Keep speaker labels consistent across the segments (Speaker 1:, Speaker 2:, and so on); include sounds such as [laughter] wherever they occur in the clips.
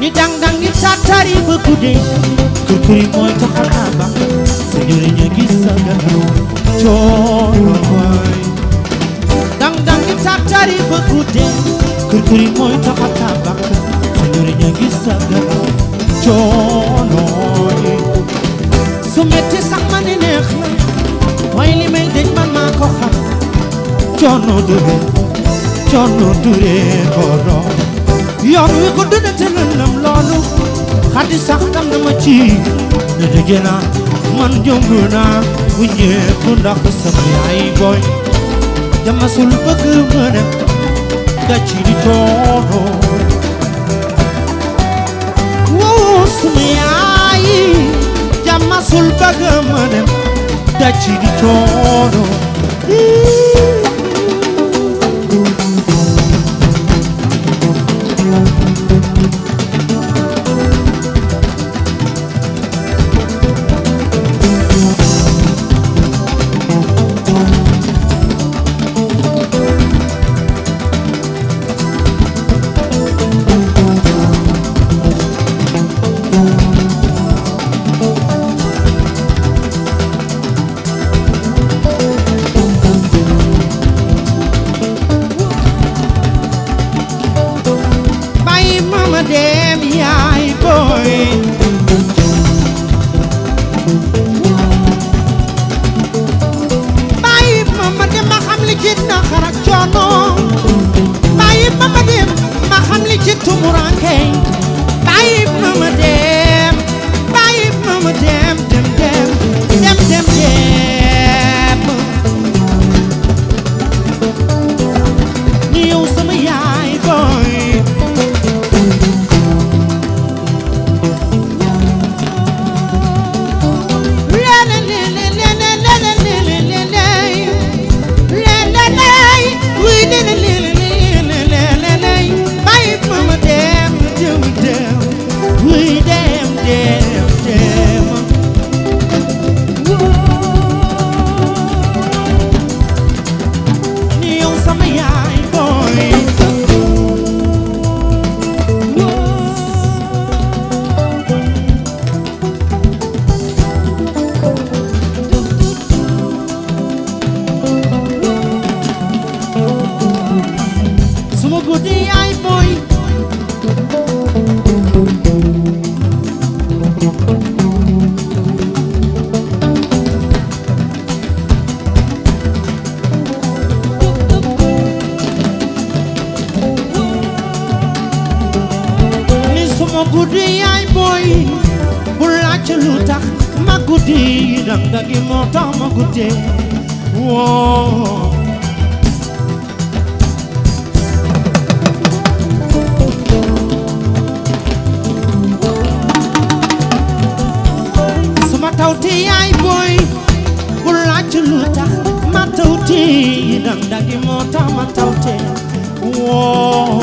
Speaker 1: ni dangdang ni tatari bekudi kukuri moy tokal abang senyurinya gisa garo coy dangdang ni tatari bekudi kukuri moy tokal abang senyurinya gisa garo coy su metti sax ma ne neex na waaye li may dëj man maa ko xam coono dure coono dure
Speaker 2: borom yoon wi gudd na te lëndëm loolu xaddi sax dal na ma ci ne dëgg naa man jomb naa bu ñëpp ndax sama yaay booy dama sul bëgg ma di toono
Speaker 1: dagi moo tax ma tawte woo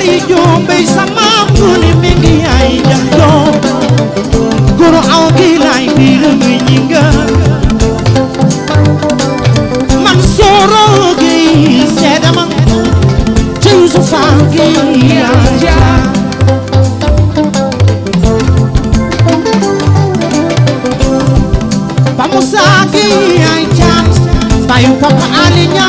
Speaker 1: bari joom bay sama muli mi ngi ay jam guru aw gi lay di mi ñinga man soro gi sedama ci yusufa gi ay Pamusaki ay chance Bayu papa alinya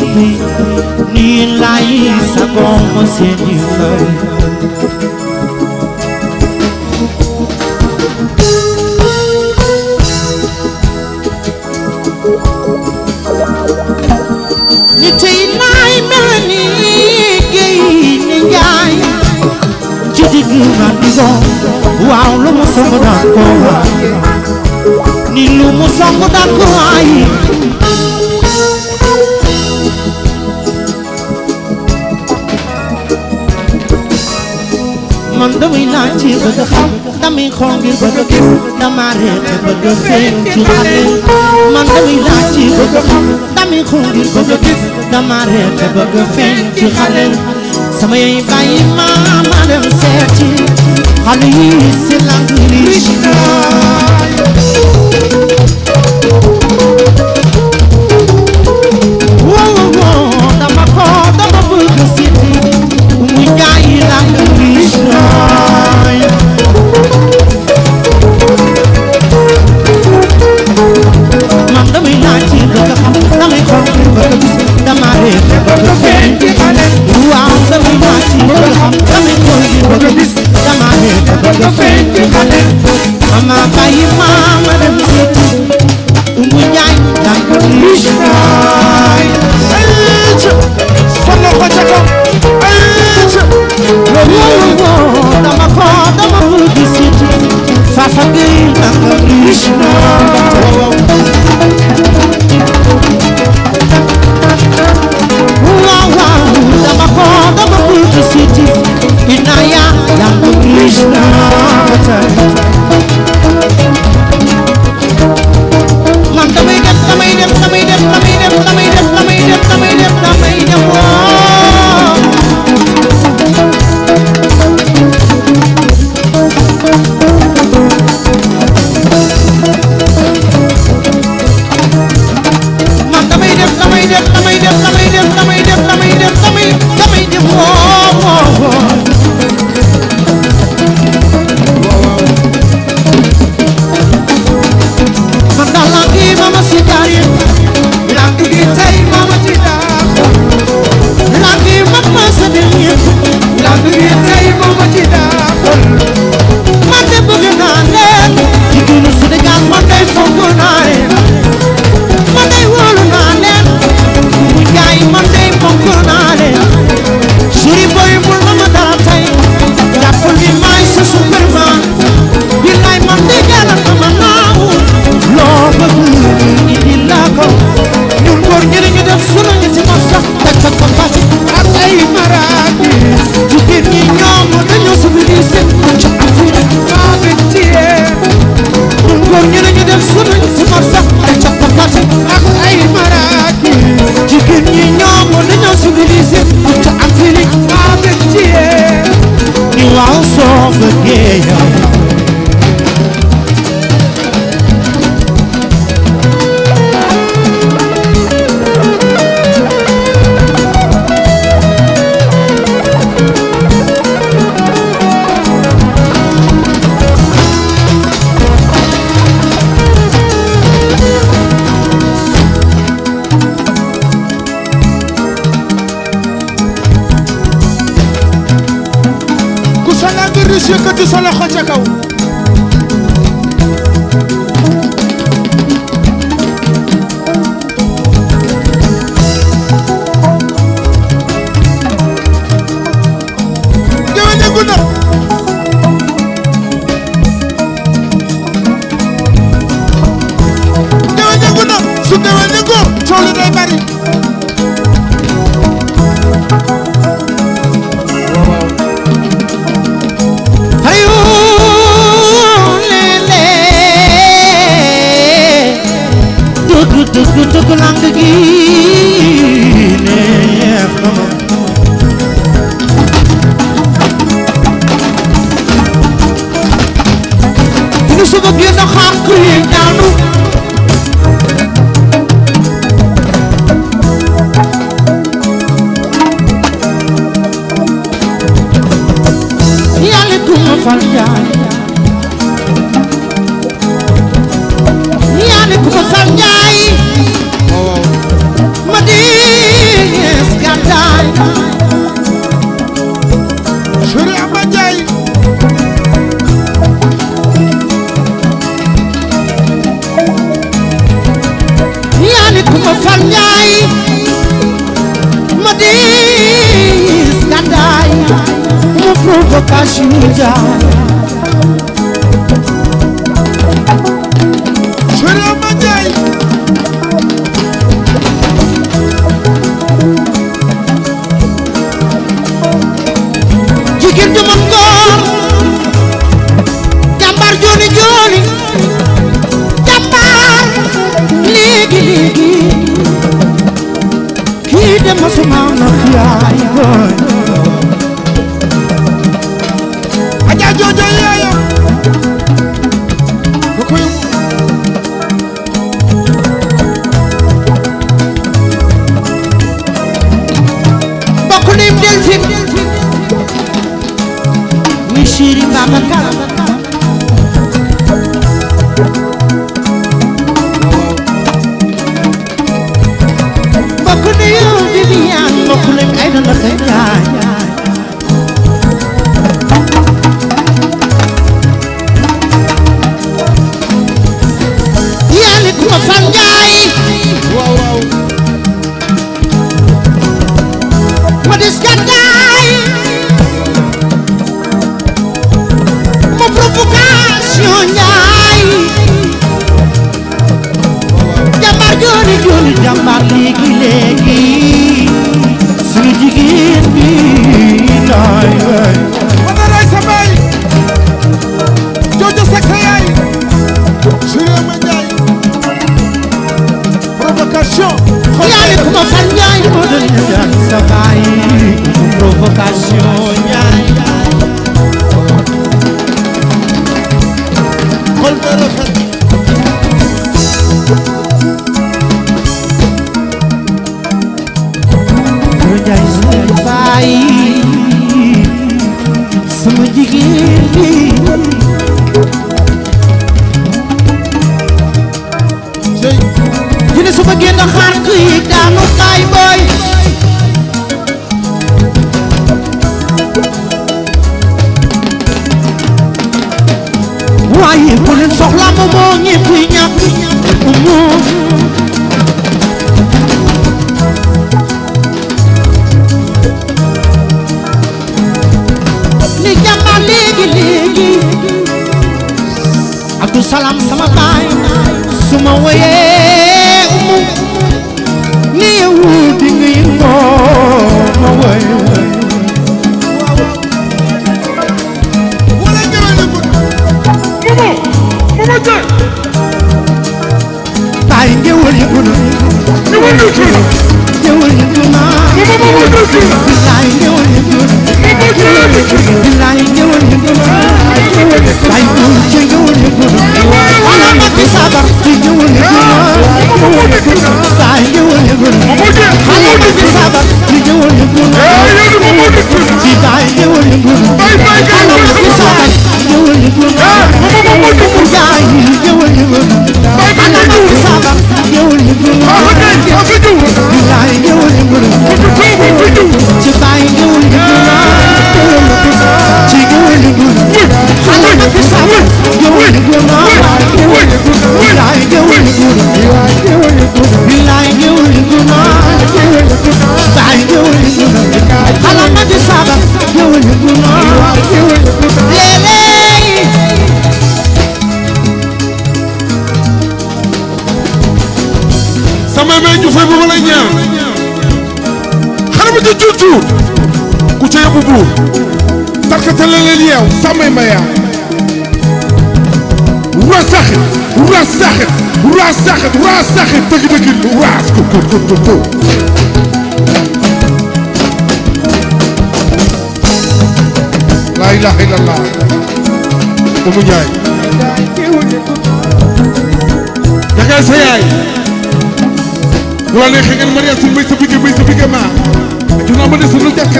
Speaker 1: soppi nii lay sagoo seeni xëy ni tey lay mel ni géy ni njaay ci digg ràndigoo waaw lu mu song daan ko waay ni lu mu song daan ko waay man damay laaj ci bëgg xam damay xool ngir bëgg gis damaa réer ci bëgg seen ci xale man damay laaj ci bëgg xam damay xool ngir bëgg gis damaa réer ci bëgg feeñ ci xale sama yaay bàyyi ma ma dem seeti xale yi si la ma feeñ ci xale mama bàyyi mama dem seeti umu njaay dànk riis naay ayca fanna ko ca dama ko dama ko gis seeti fafa gay dànk riis naay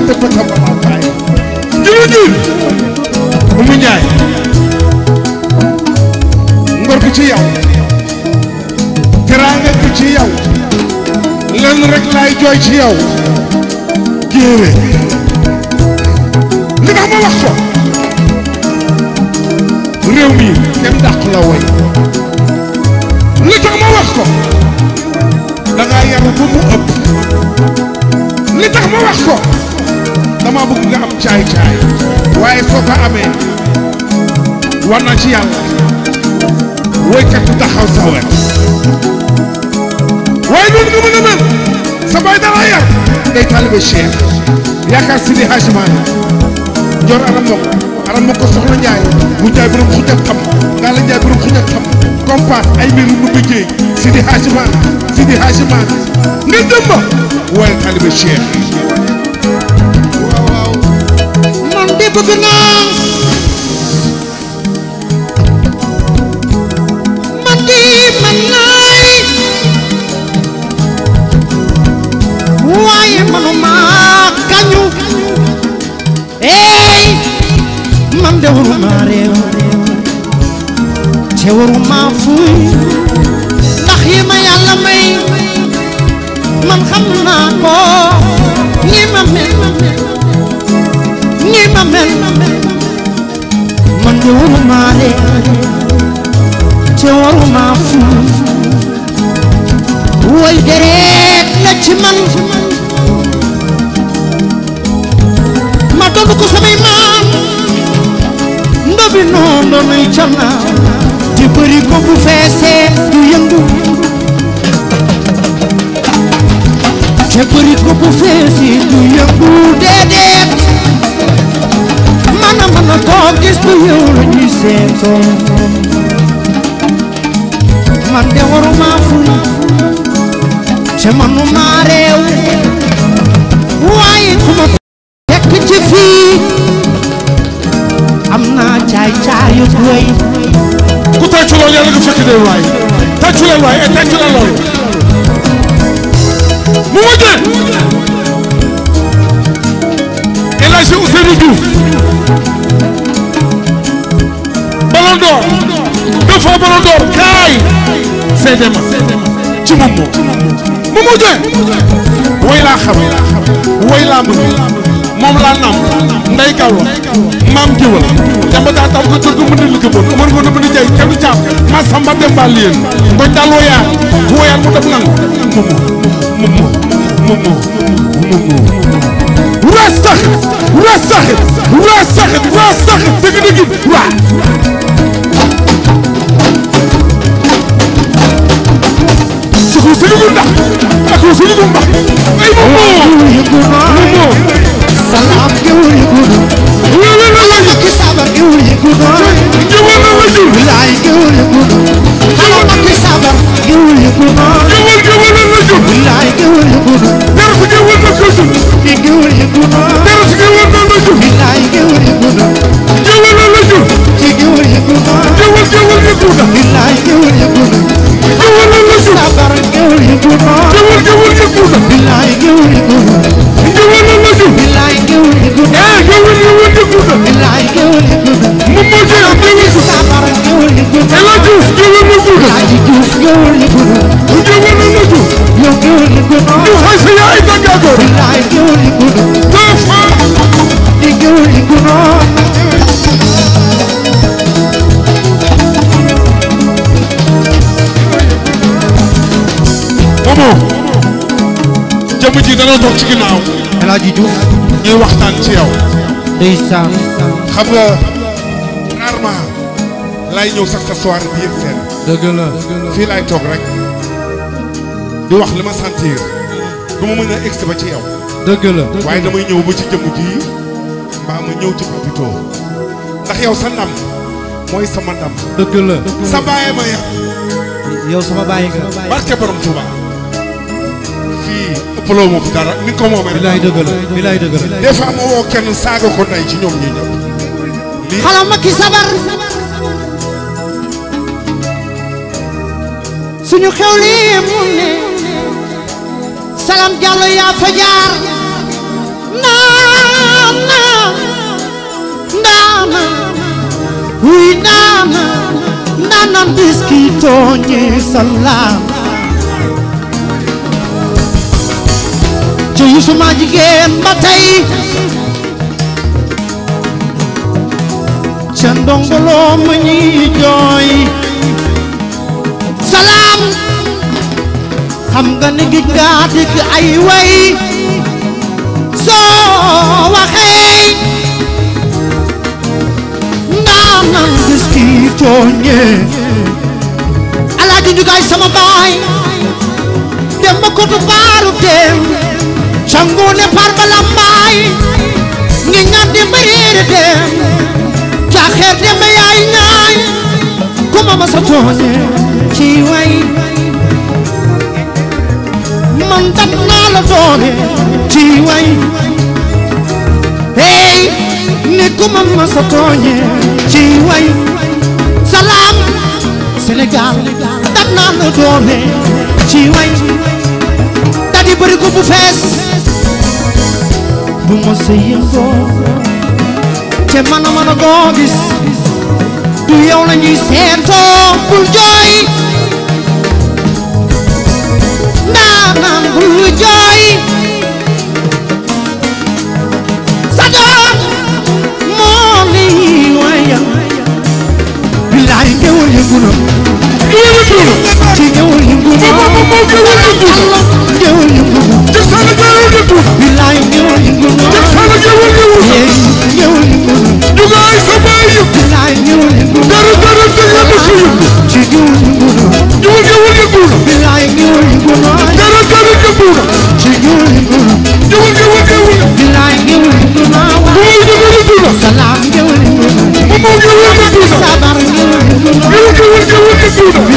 Speaker 3: te ko sama maam ngor bi ci yow teraanga bi ci yow lenn rek laay jooy ci yow géere li tax ma wax ko réew mi kenn dàq la woy li tax ma wax ko da ngaa yaru bu ëpp li tax ma wax ko dama bëgg nga am caay caay waaye soo ko amee war ci yàlla woykat taxaw sa wet waaye noonu nga mën a sa baay dara day taalibe Cheikh yaakaar Sidi Hadj Malick Ndior Aram Mokk Aram Mokk soxla Njaay mu Njaay borom xuj ak xam ngaa la Njaay borom xam compas ay mbir mu bi Sidi Hadj Malick Sidi Hadj Malick nga dem ba waaye taalibe Cheikh
Speaker 1: bépp finance man di man naay waaye manuma kañu ey man de waruma réew te waruma fuuy ndax yi ma yàlla may man xam naa ko ni ma mel ma mel man woy deret la ci man ma doon ko samay maam ndobi noon doonay canna te bëri ko bu feesee du yëngu te bëri ko bu na mën a toog gis bu yow la ñuy seetoo man de waruma ful te manuma réew waaye ku ma fekk ci fii am naa caay caay yu doy ku tàccu lool yàlla nga fekk dee waay tàccu leen waay et tàccu leen
Speaker 3: mu wute Elhadji Ousseynou Diouf Ballon d'Or deux fois Ballon d'Or kaay seede ma ci moom moom mu mujjee way laa xam way laa bëgg moom laa nam nday kawla maam géwal daa taw ko tëgg mën na lu gëboon mën nga mën a jaay kenn caaf ma samba dem ba liyeen ngoñ daal mu def nangu moom moom moom
Speaker 1: waa saxit waa saxit waa saxit dëgg-dëgg waa. suxu suñu gu ndax ak suñu gu mbax ay moom moo moom moo. Alaaji Diouf ngewul li gën a Diouf ngewul li gën yow ngewul li gën Diouf ay sa yaay daggago bilaay ngewul li gën Diouf di ngewul li gën
Speaker 3: Momo jëmm ji dana toog ci ginnaaw Alaaji Diouf ñuy waxtaan
Speaker 2: ci yow ndeysaan xam
Speaker 3: nga rarement laay ñëw sax sa soirée bi yëpp seen dëgg la fii laay toog rek di wax li ma sentir du ma mën a egsi ba ci yow. dëgg la waaye damay ñëw ba ci jëmm jii mbaa ma ñëw ci papito ndax yow sa ndam mooy sama
Speaker 2: ndam. dëgg la sa bàyyi ma yàq. yow sama bàyyi nga. barke borom Touba. fii ëppaloo ma fi dara ni ko moomee. bilaay dëgg la bilaay dëgg la. des
Speaker 3: fois ma woo kenn saaga ko nay ci ñoom ñi lii xalam ki
Speaker 1: sabar. suñu xewlee mu ne salam jàllo yaa fa jaar naam naam ndaama wuy ndaama ndaanam bis ki tooñe salaam ci suma jigéen ba tey ca ndongoloo ma ñuy jooy salaam xam nga ni gij nga dégg ay way soo waxee ndaa nan gis kii tooñee alaaji njugaay sama baay dem ba kotu baaru dem cangoone par ba lambaay ngi ñaat dem ba dem caaxeer dem ba yaay ñaay ku ma sa tooñee ci way man tam naa la doone ci way hey ne ku ma ma sa tooñe ci way salaam Sénégal tam naa la doone ci way tadi bëri bu fees bu ma sa yëngoo te man a man du yow la ñuy seentoo bul jooy ndaanaan bul jooy sa doom moo lay wayal bilaay ngewal yëngu na ci ngewal yëngu na Duda.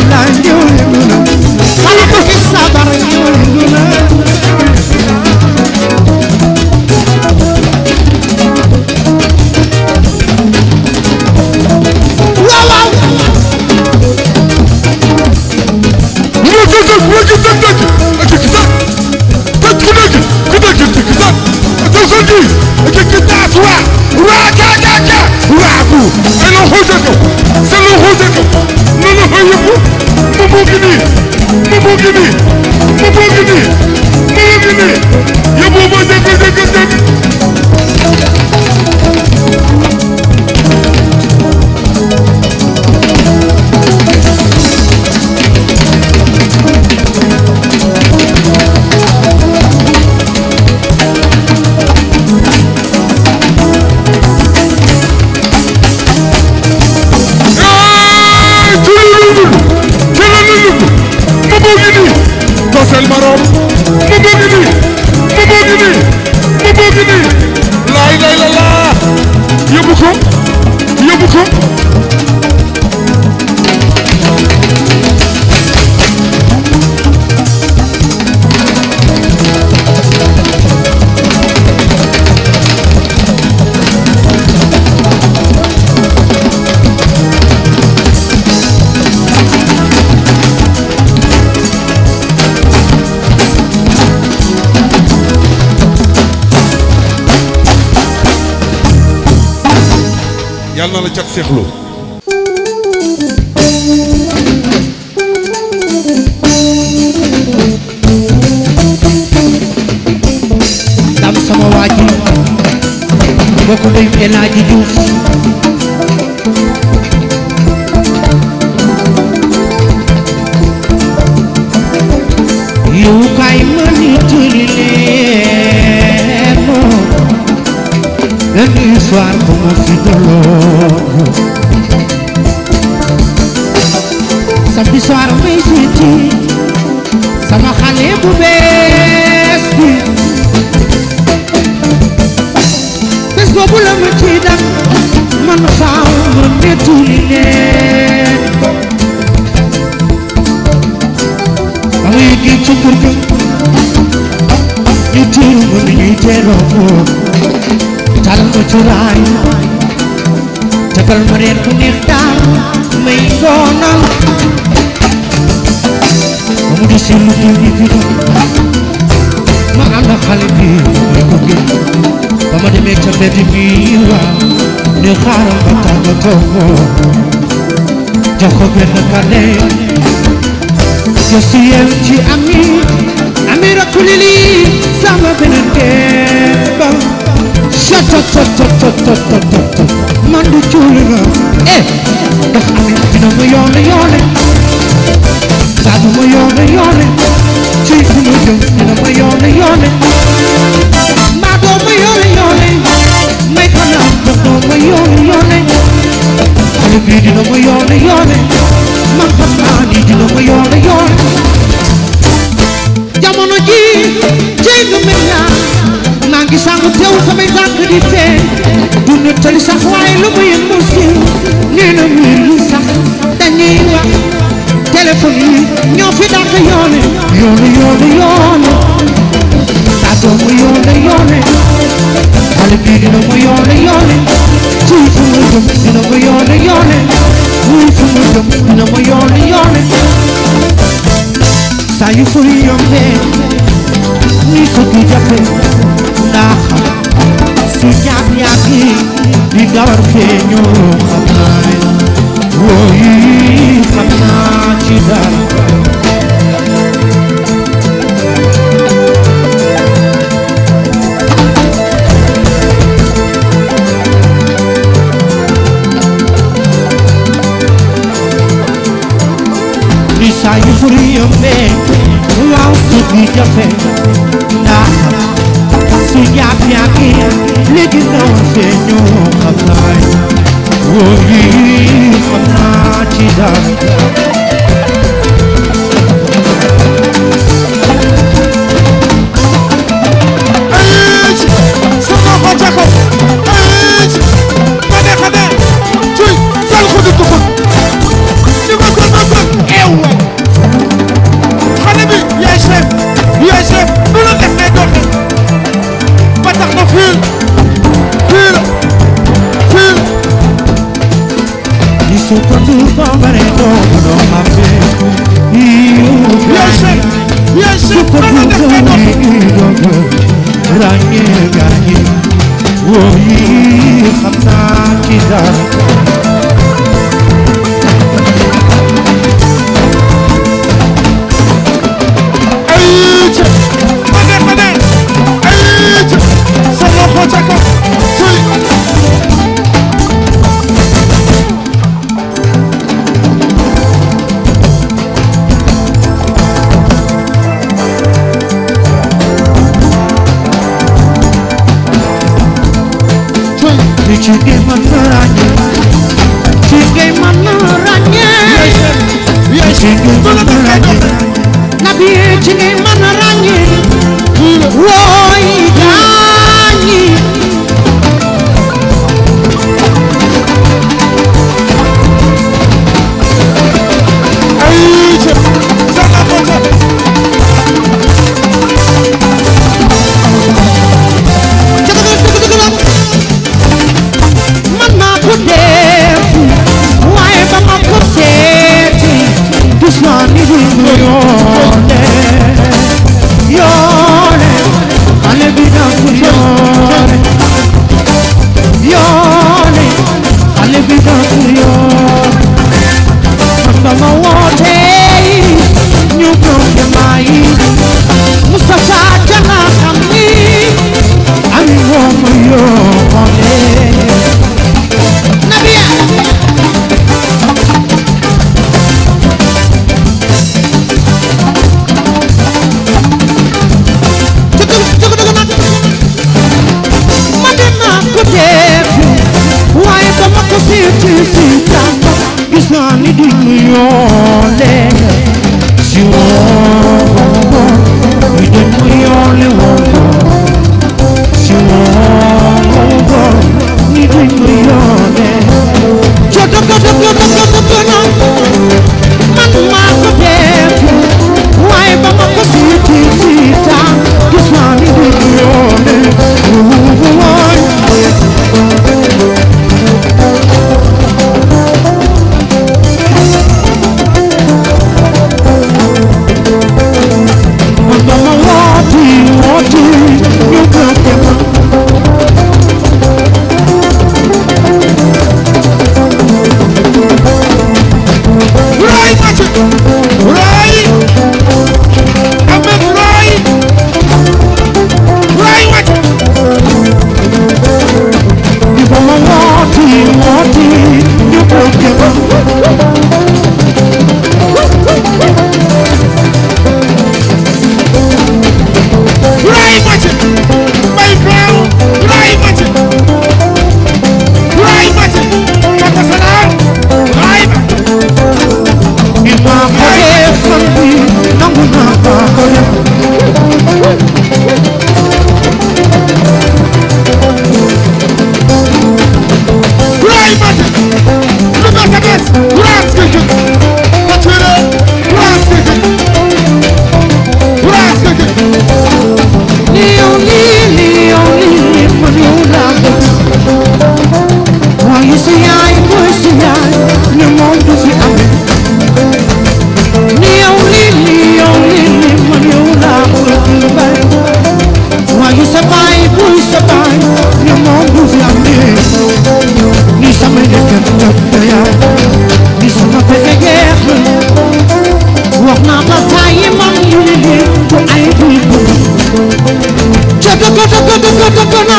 Speaker 1: Cheikh Lo dam sama waaji bokk nañ El Hadji Diouf yow kay ma nettali leen benn histoire bu ma fi dal neex daal may sonal mu di seen lu dul bi fii
Speaker 2: ma ànd xale bi may gunge ba ma demee ca mbedd bi waaw ne xaaral ba tàggatoo moo
Speaker 1: jox ko benn kàlle jëstu yéen ci ami ami rakkuli lii sama beneen démbam cha cha cha cha cha cha cha man du cuuli la eh ndax amit dina ma yoole yoole saa du ma yoole yoole suy bu ñu jëm ma yoole yoole maa doo ma yoole yoole may ko naan ndax doo ma yoole yoole xale bii dina ma yoole yoole man xam ma yoole yoole jamono ji jéeg gi sangu teewul samay tànk di fee du sax waaye lu mu yëg mu siiw nee na mu yëg lu sax dañuy wax ñoo fi dàq yoone yoone yoone yoone taatoo mu yoone yoone xale bi dina mu yoone yoone ciy fu mu jëm dina mu yoone ndax si ñax-ñax di gawar feeñoo xam naa ne wooyi xam naa ci dara Sai la su di Léegi ko tëgg na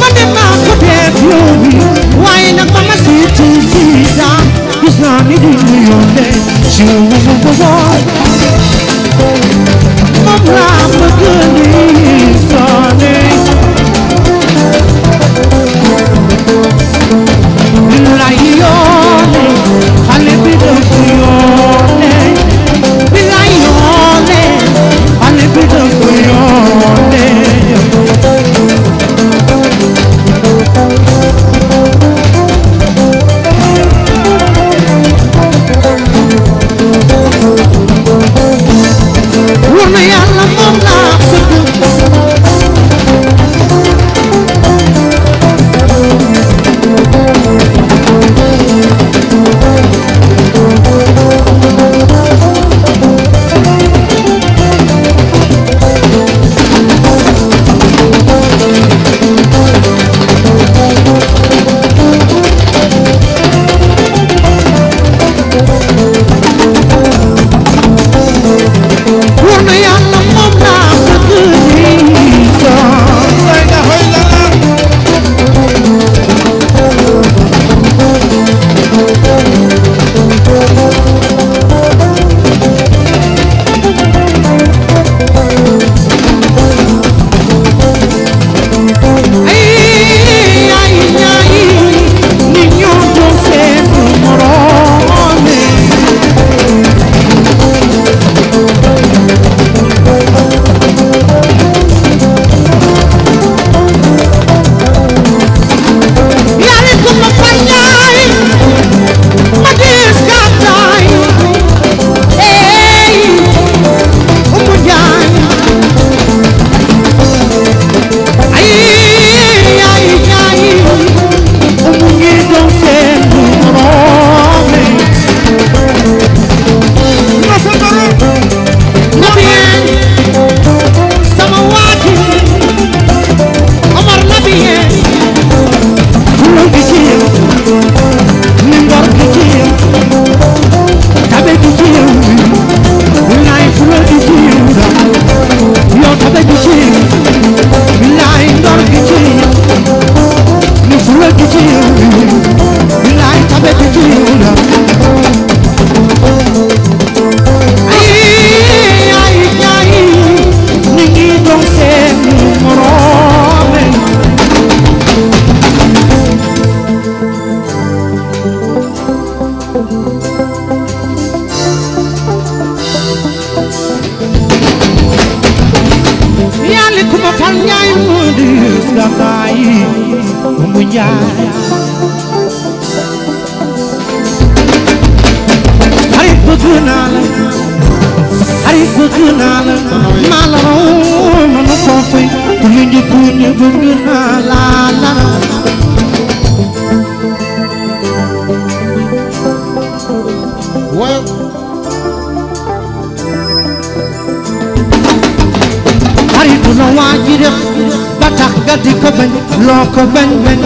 Speaker 1: ma dem naa ko def yow bi waaye nag ma ma siiti siita gis naa ni di ñu yónnee ci wu mu bëggoon moom laa bëgg ni sonne laay yow ko bañ loo ko bañ bañ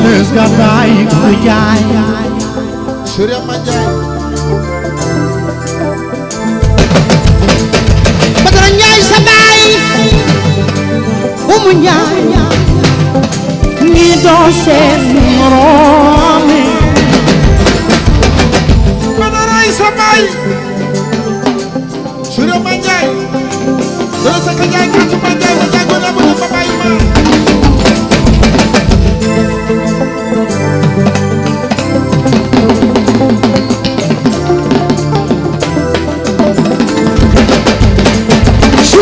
Speaker 1: не згадай, хуяй. Шурямадяй. Подроняй сабай, умняй. Не до сердца Подорай сабай,
Speaker 3: Шурямадяй. Дорога, как я, как я, как я, как я, как я, как я, как я,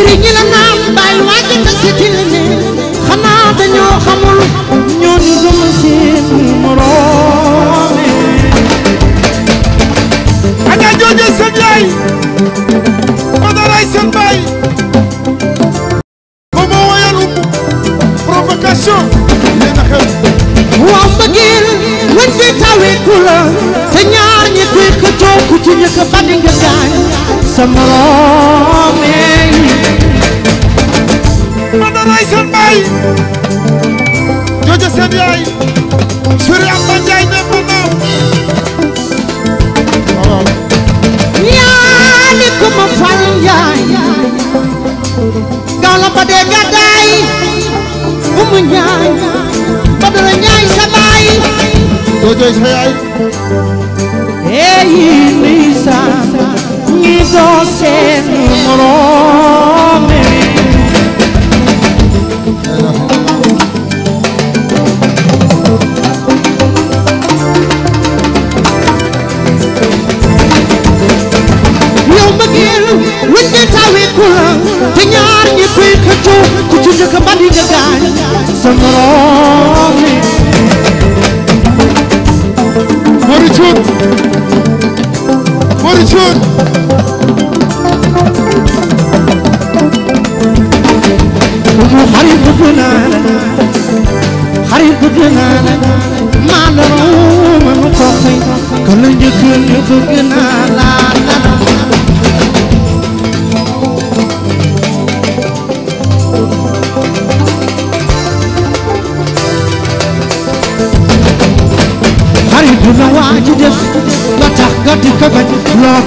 Speaker 1: a ñi la naam baay wàcc na si tilime xanaa dañoo xamul ñoo ñu gëm seen moroom ana jooje seen yaay
Speaker 3: ma dalay seen baay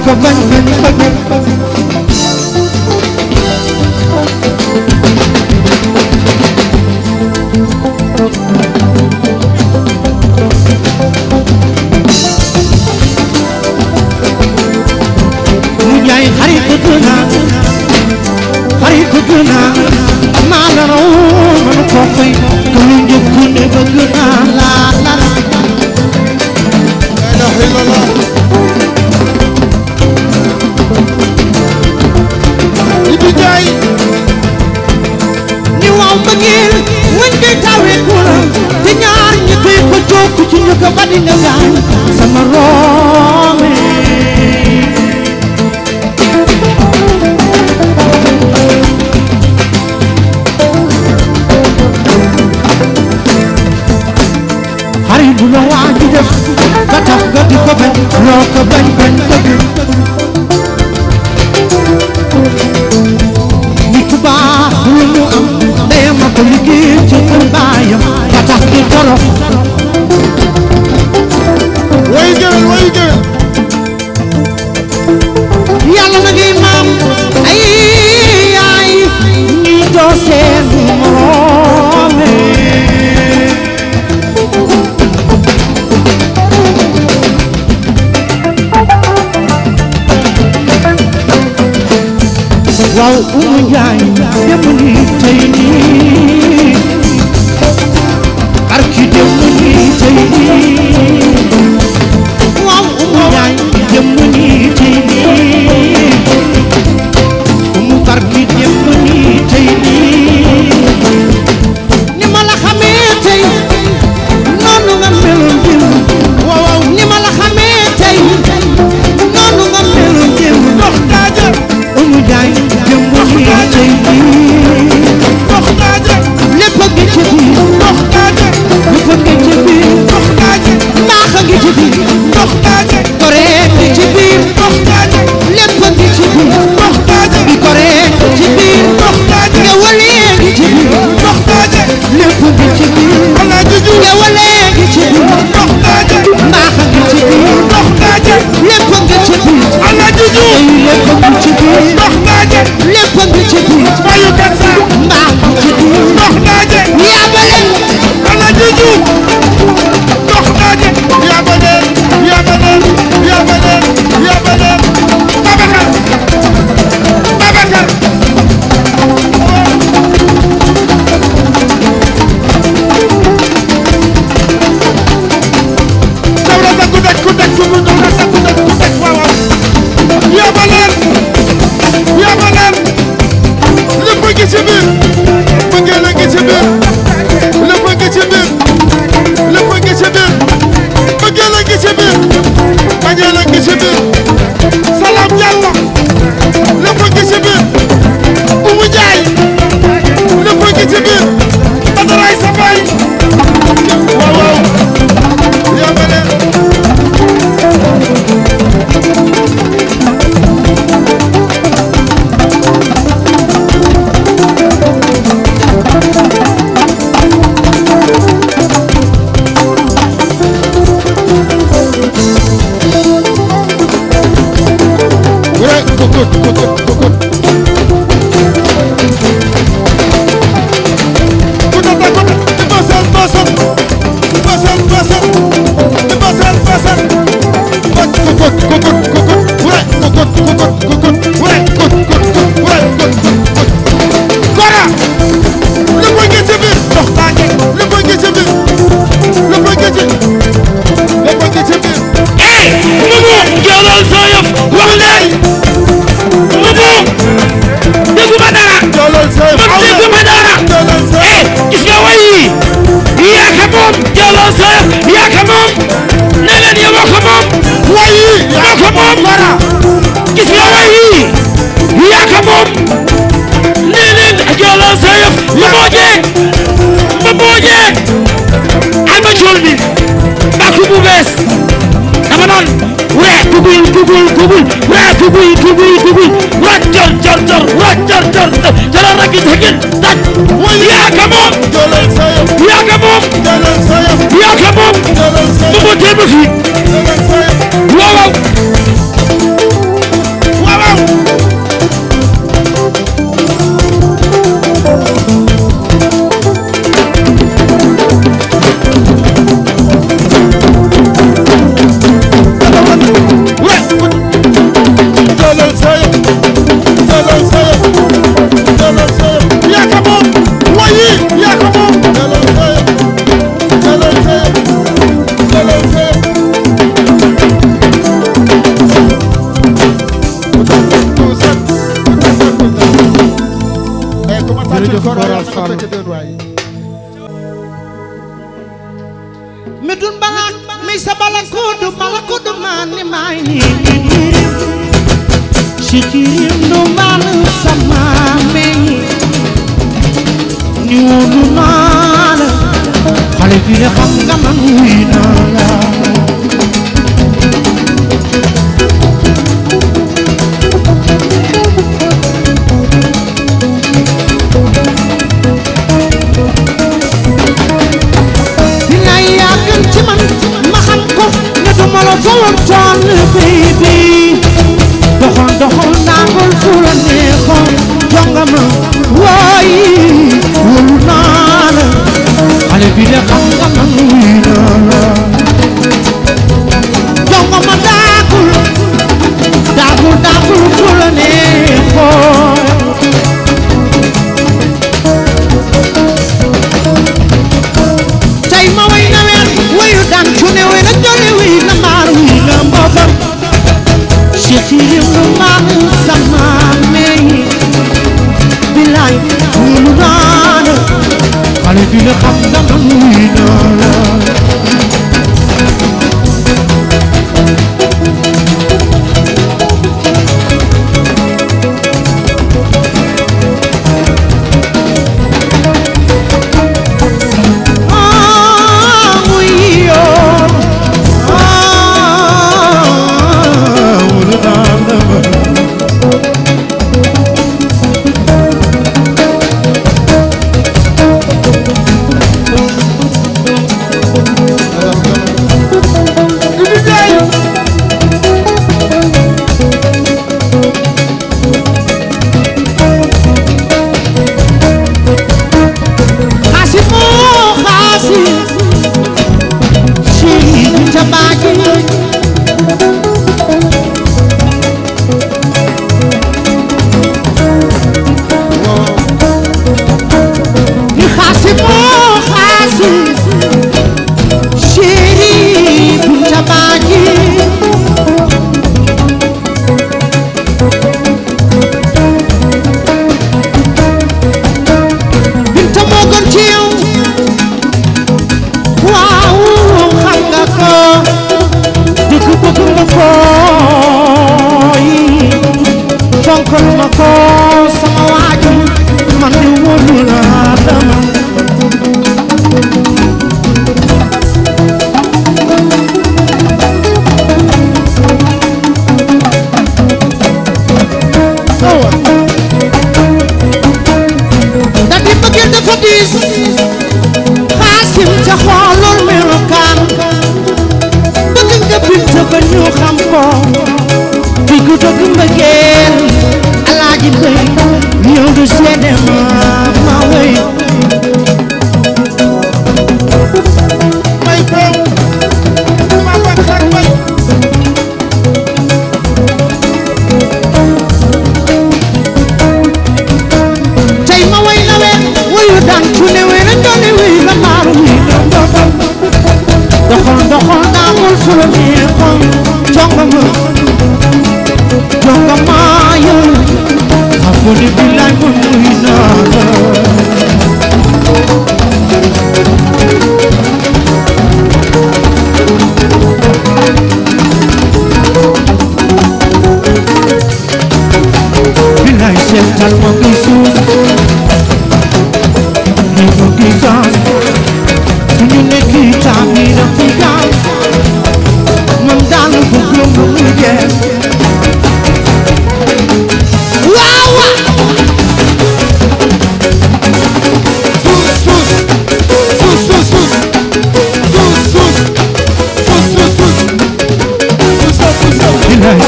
Speaker 1: ko bañ bañ bañ mu jaay xarit ku gënaa xarit ku gënaa maa la raw man ko fay ku lu njëkk ne bëgg naa la la la ilaha illallah ay tawi kuran te ñi koy ko jokku ci ñu ko badi nga gaañ sama roome xarit waa ji def ba tax nga di ko bañ loo ko waaw Oumou Ndiaye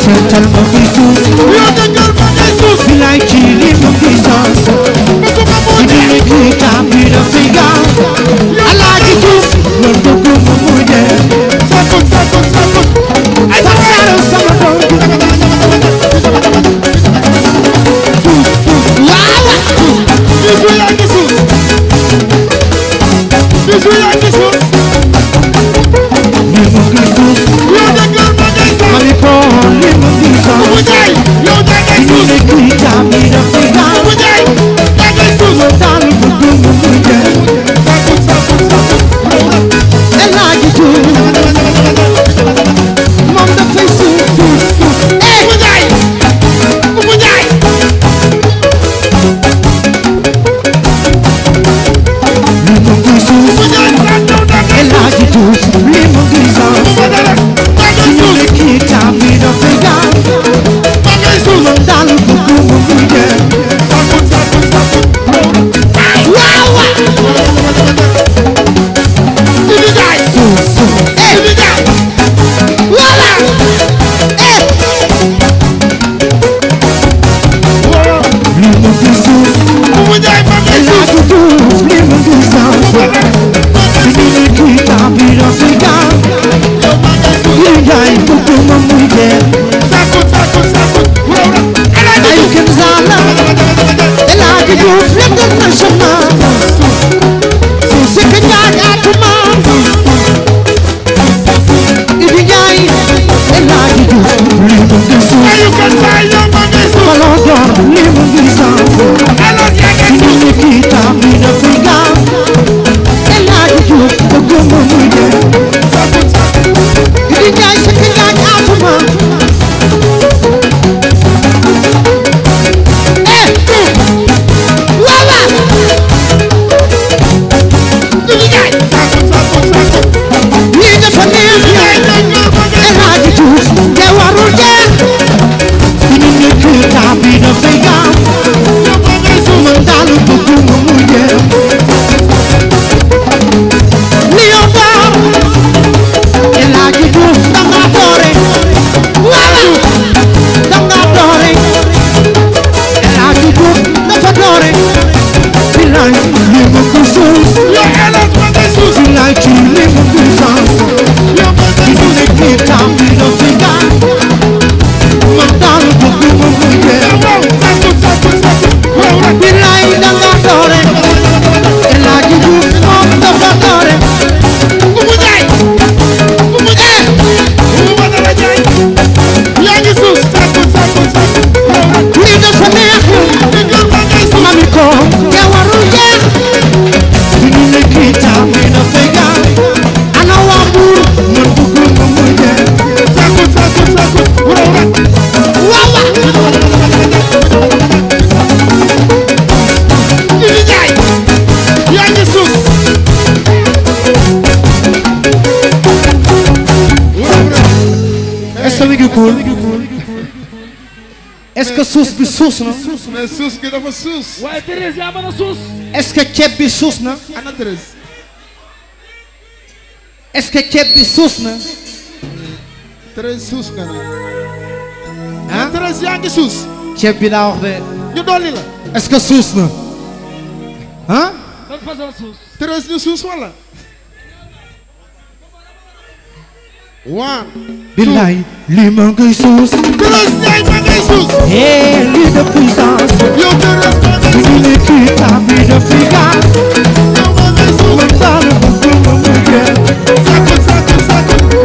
Speaker 1: seetal ma fi suuf est-ce que suus bi suus
Speaker 2: na.
Speaker 3: mais suus gi dafa a suus.
Speaker 2: est-ce que ceeb bi suus na. ana Thérèse. est-ce que ceeb bi suus na.
Speaker 3: Thérèse suus nga ne. ah Thérèse yaa ngi suus.
Speaker 2: ceeb bi laa wax de. ñu dolli la. est-ce que suus na.
Speaker 3: ah. ban façon suus. Thérèse wala.
Speaker 1: one
Speaker 2: billaay lii ma ngay suus
Speaker 1: plus ma ngay suus hee lii de puissance yow de respect lii de puissance lii de puissance yow ma ngay suus man daal bëgg ma mu jël sakul sakul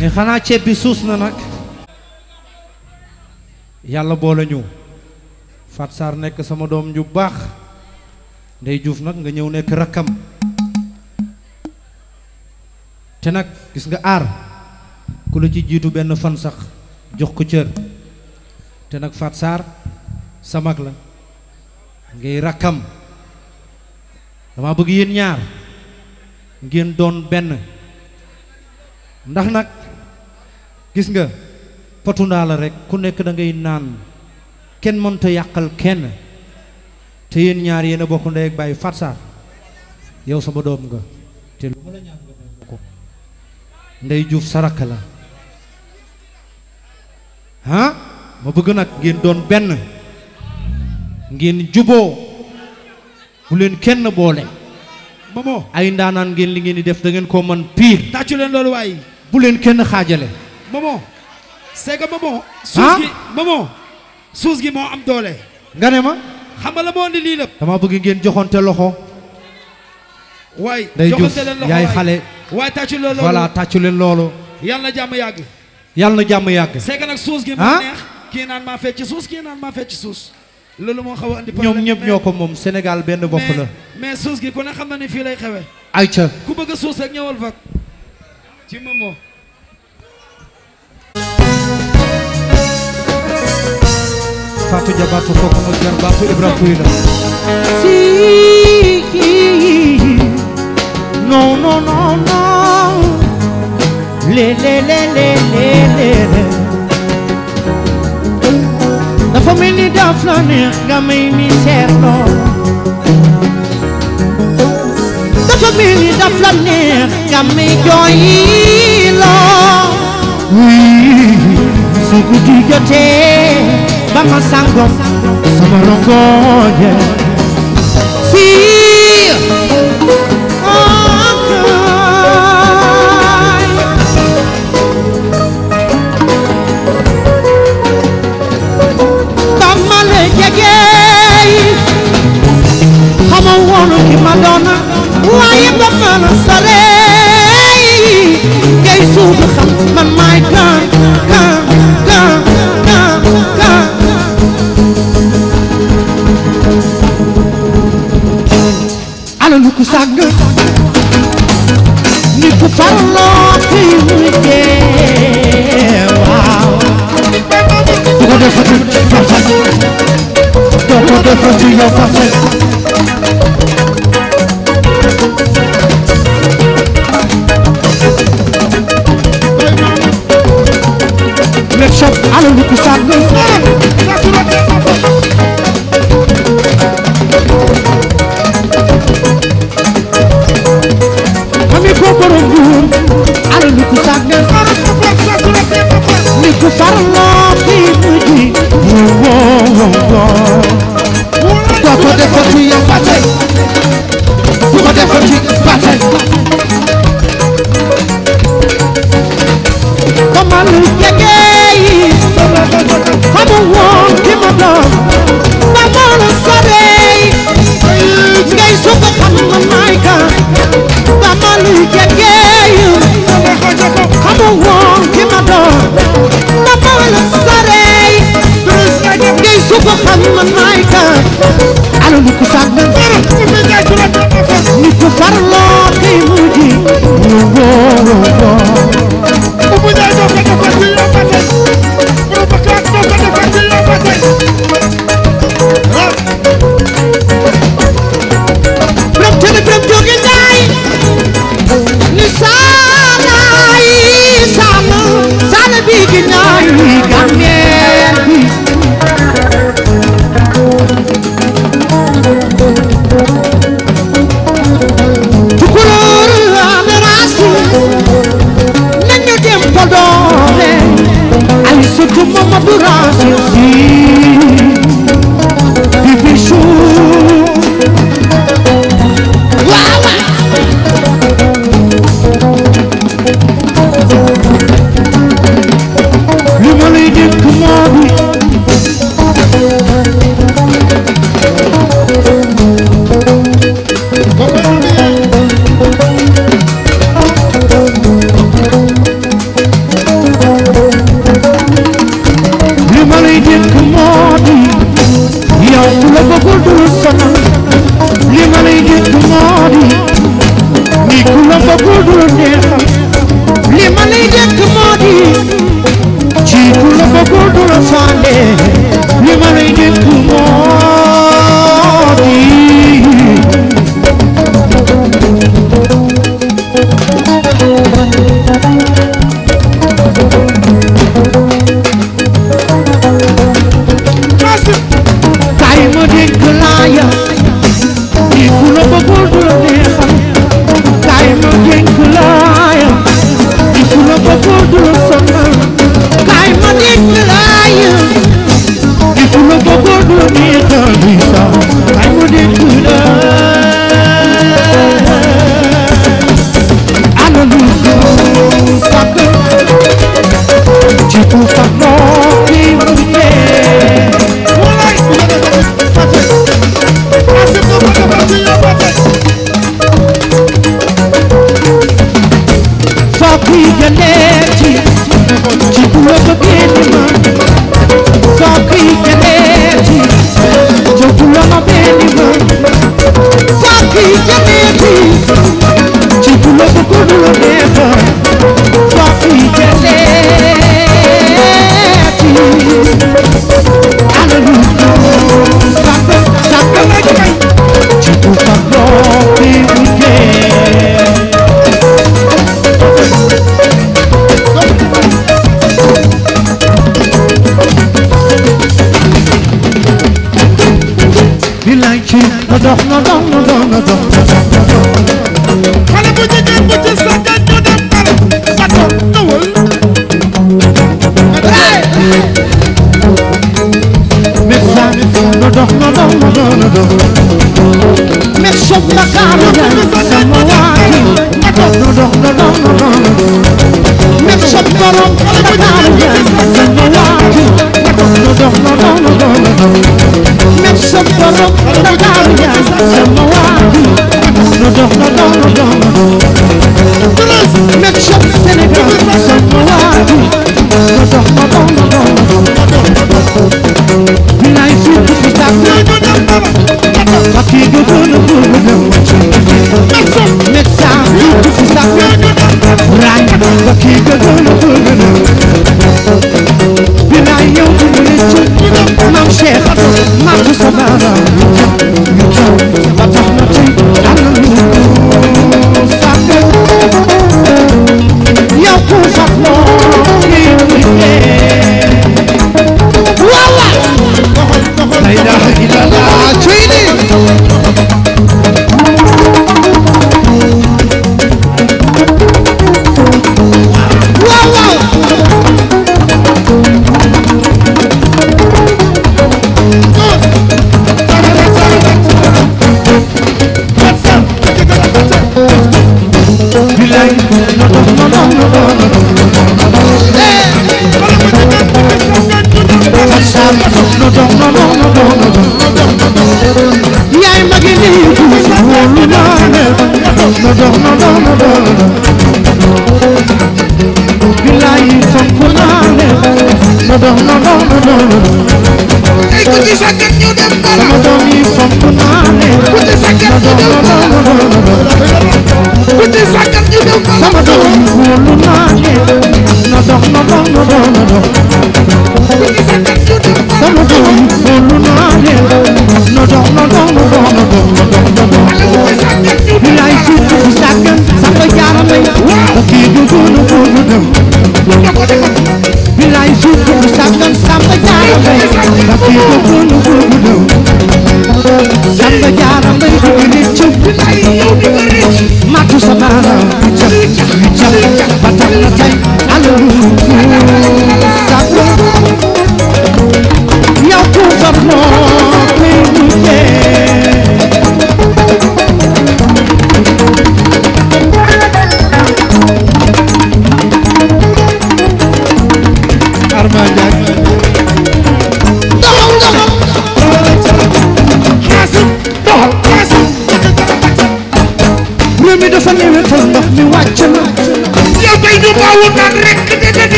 Speaker 2: te xanaa ceeb bi suus na nag yàlla boole ñu Fat Sarr nekk sama doom ju baax ndey juuf nag nga ñëw nekk rakkam te nag gis nga aar ku la ci jiitu benn fan sax jox ko cër te nag Fat Sarr sa mag la ngay rakkam dama bëgg yéen ñaar ngeen doon benn ndax nag gis nga potu ndaa la rek ku nekk dangay naan kenn mënta yàqal kenn te yéen ñaar yéen a bokk ndey ak bàyyi Fatou yow sama doom nga te lu ma la ñaan nga ko ndey Juuf sarak la ah ma bëgg nag ngeen doon benn ngeen juboo bu leen kenn boole momo ay naan ngeen li ngeen di def da ngeen koo man piir tàccu leen loolu waaye bu leen kenn xaajale maman c'est que maman. suus gi maman suus gi moo am doole. nga ne ma. xam nga moo indi lii lépp. dama bëgg ngeen joxonte loxo. waay joxonte leen loxo yaay xale. waay tàccu leen loolu voilà tàccu leen loolu. yàlla na jàmm yàgg. yàlla na jàmm yàgg. c'est nag suus gi. moo neex kii naan maa fecc suus kii naan maa fecc suus. loolu moo xaw a andi problème ñoo ko moom Sénégal benn bopp la. mais suus gi ku ne xam na ne fii lay xewee. ayca ku bëgg a suus ñëwal fag ci momo faatu jabaatu kooku mooy jarbaatu Ibra Pouye la si
Speaker 1: non non non non le le le le le le dafa mel ni daf la neex nga may mi seetloo dafa mel ni daf la neex nga may jooyloo oui su guddi jotee ba ma sangom sama rongoñe sii okaay ba ma la jegeey xama woonu ki ma doona waaye ba ma la ku sàgg nit ku farloo te mujjee waaw bu ko defati yow fas boo ko defati yow fas lépp sab alal nit ku ku farlu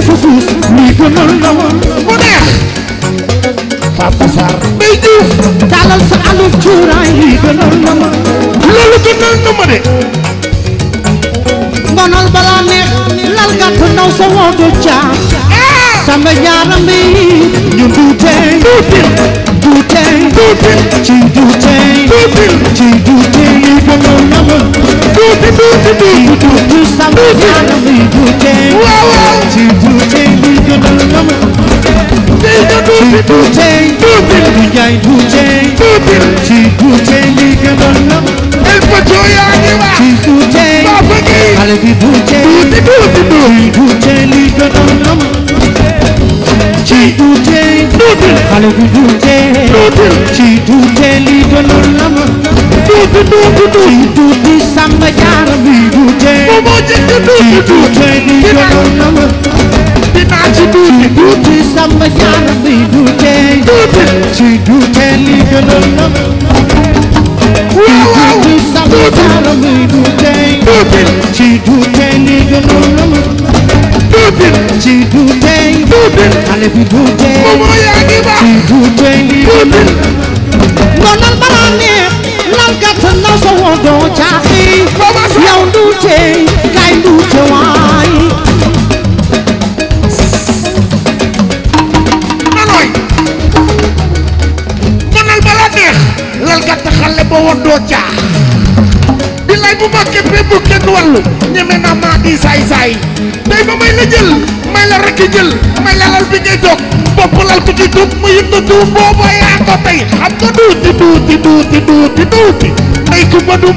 Speaker 1: dafa duus lii gënal a ma bu neex Papa Sarr day Diouf taalal sa aluf cuuraay lii gënal a ma loolu gënal na ma de lal gàtt naw sa woo du caa sama yaram bi ñu duute duute duute duute ci duute duute ci duute li gënoon na ma duute duute duute duute sama yaram bi duute ci duute li gënoon na ma ci duute duute bi jaay duute duute ci duute li gënoon na ma el pato yaa ngi wax ci duute xale bi duute duute duute duute li gënoon na ma ci tuute tuuti xale bi tuute tuuti ci tuute lii doonoon la ma tuuti tuuti tuuti ci tuuti samba jaara bi tuute ci tuute lii doonoon la ma dinaa ci tuuti tuuti samba jaara bi tuute ci tuute lii doonoon la ma tuuti samba jaara bi tuute ci tuute lii doonoon la ma Dundin ci Dundin Dundin xale bi Dundin moom moo yaa ngi ba ci Dundin Dundin neex nan gàtt na sa wodoo caaxi yow Dundin kay Dundin waay nanoy nanal bara neex lal gàtt xale ba bu Mbàkke fépp kenn wàllu ñeme na maa di
Speaker 3: saay saay tey ma may la jël may la rekk jël may la lal bi ngay toog bopp lal ko ci tuub mu yaa ko tey xam nga duuti duuti duuti duuti duuti ndey ku ma du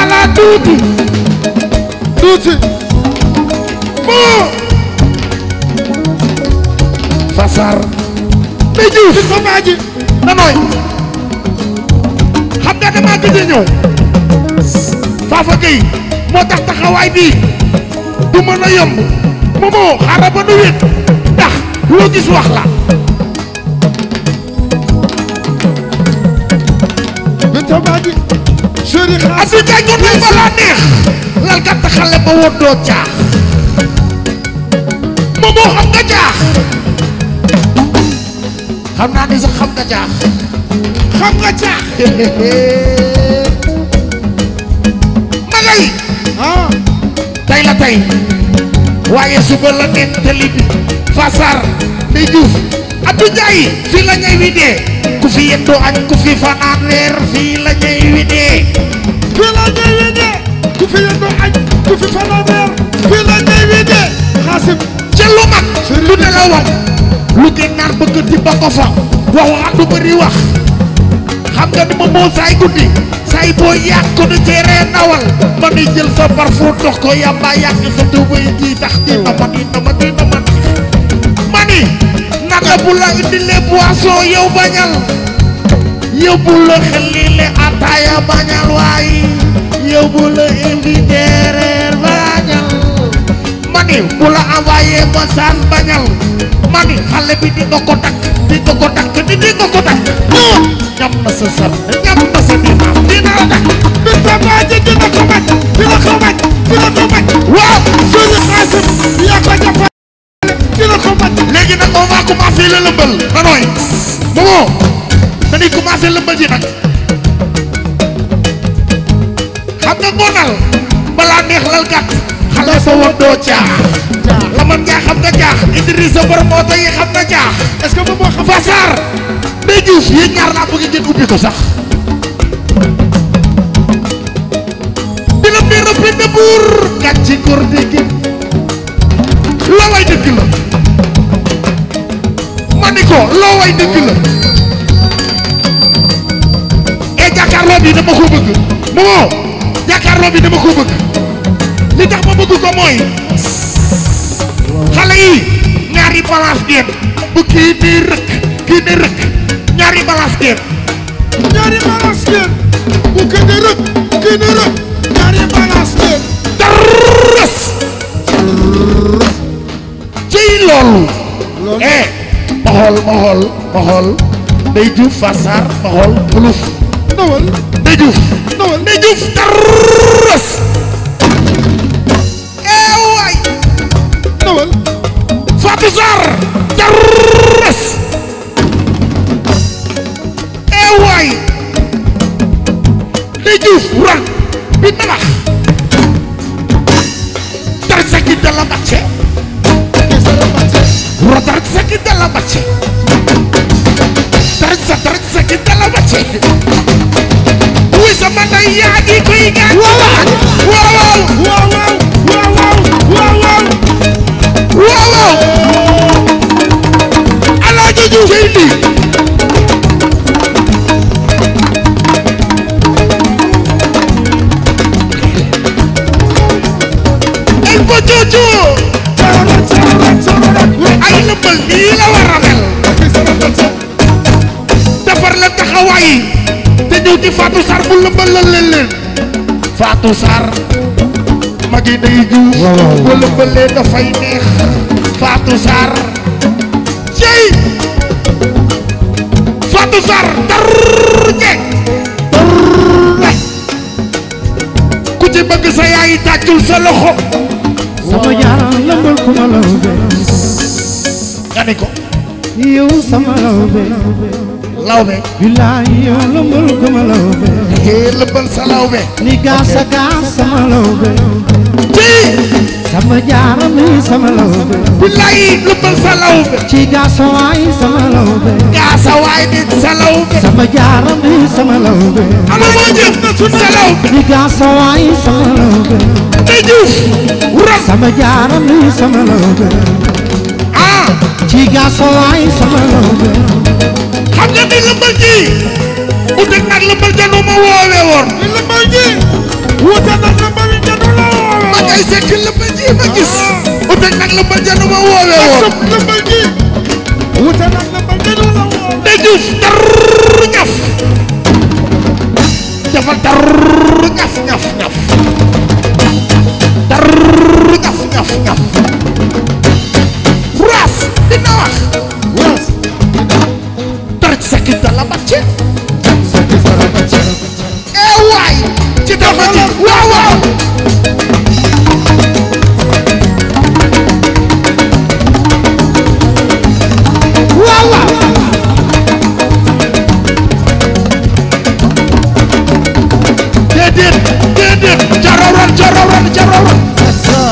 Speaker 3: ala duuti duuti moo fasar day jiw sama ji na nooy xam nga damaa gëj a Fafa Gueye moo tax taxawaay bi du mën a yomb moomoo xaaral ba nu wéet ndax loo gis wax la tomadi jeri xaar asi jañu na ba la neex lal kat xale ba woon
Speaker 1: doo caax moomoo xam nga xam naa xam nga xam nga [laughs] ah tey la tey waaye suba la nen tali bi fasar day juuf Abdou Ndiaye fii la ñuy widee ku fi yendoo añ ku fi fanaan weer fii la ñuy widee fii ku fi yendoo añ ku fi fanaan weer fii la ñuy widee xaasim ca lu mag lu ne la wax lu
Speaker 3: gànnaar bëgg di ba ko wax wax du bëri wax xam nga ni ma moo saay guddi saay boo yàq ko da cee ree nawal ma sa parfum dox ko yàmbaa
Speaker 1: yàq sa tuuba yi di tax di na ma di na di na ma ni naka bu la indilee boisson yow bañal yow bu la xelile ataaya bañal waaye yow bu la ma ni bu la envoyé message mami xale bi di nga ko takk di nga ko takk di nga ko takk non ñam na sa na la takk bi ko baaje dina ko bañ dina ko bañ dina ko bañ waaw suñu xaasim yaa ko jàppale dina
Speaker 3: na nooy moomoo dañuy commencer lëmbal ji nag xam nga ngoonal balaa neex lal gàtt xanaa soo woon doo caax. la xam nga caax. Idrissa borom moo tey xam na caax. est-ce que moo xam Fassar. mais Diouf yéen ñaar laa bëgg ubbi ko sax. dina biir rëbbi na buur. gàcce góor dégg loo way dëgg la. ma ni ko loo way dëgg la. et eh, jàkkaarloo bi dama ko bëgg. moomoo jàkkaarloo bi dama ko bëgg. li tax ma bëgg ko mooy xale yi ñaari balance bu
Speaker 1: kii nii rëkk kii bu kii nii rëkk kii nii rëkk ñaari balance ngeen darrës
Speaker 3: ciy loolu eh fasar ma xool buluf ndawal
Speaker 1: day juuf ndawal day juuf ñëwal Fatou Sarr Darras ee eh waay
Speaker 3: li Diouf ran bi namax dar saki dala bacce ro dar saki dala bacce
Speaker 1: dar sa dar saki dala bacce wi sama day yaa di koy ñaan waaw waaw waaw cooco ay lëmbal nii la war a mel
Speaker 3: defar la taxawaay te ñëw ci Fatou bu lëmbal la leen leen Fatou Sarr
Speaker 1: day juuf bu lëmbalee dafay neex Fatou Sarr cey Fatou Sarr tar jeeg ku ci bëgg yaay tàccul sa loxo sama jaara lëmbal ku ma lawbe nga ne ko yow sama lawbe lawbe lebal sa lawbe ni gaasa gaas sama lawbe ci sama jaaram yi sama lawbe billaay lebal sa lawbe ci gaasa waay sama lawbe gaasa waay di sa lawbe sama jaaram yi sama lawbe ana moo jëf na sun sa lawbe ni gaasa waay sama lawbe te juuf wura sama jaaram yi sama lawbe ah ci gaasa waay sama lawbe xam nga ni lëmbal ji wuute nag lëmbal janu ma woowee woon. ni lëmbal ji wuute nag lëmbal janu la woowee. ma ngay sekk
Speaker 3: lëmbal ji ma gis. Ah. wuute nag lëmbal janu ma woowee woon. lëmbal ji wuute nag lëmbal janu la woowee. day juuf tarr ñaf.
Speaker 1: dafa tarr ñaf ñaf ñaf. tarr ñaf ñaf ñaf. raas dina wax. sakit dala bàcce sakit dala bàcce ee eh, waay ci tafati waaw waaw déedéet déedéet jaraw ran jaraw ran jaraw ran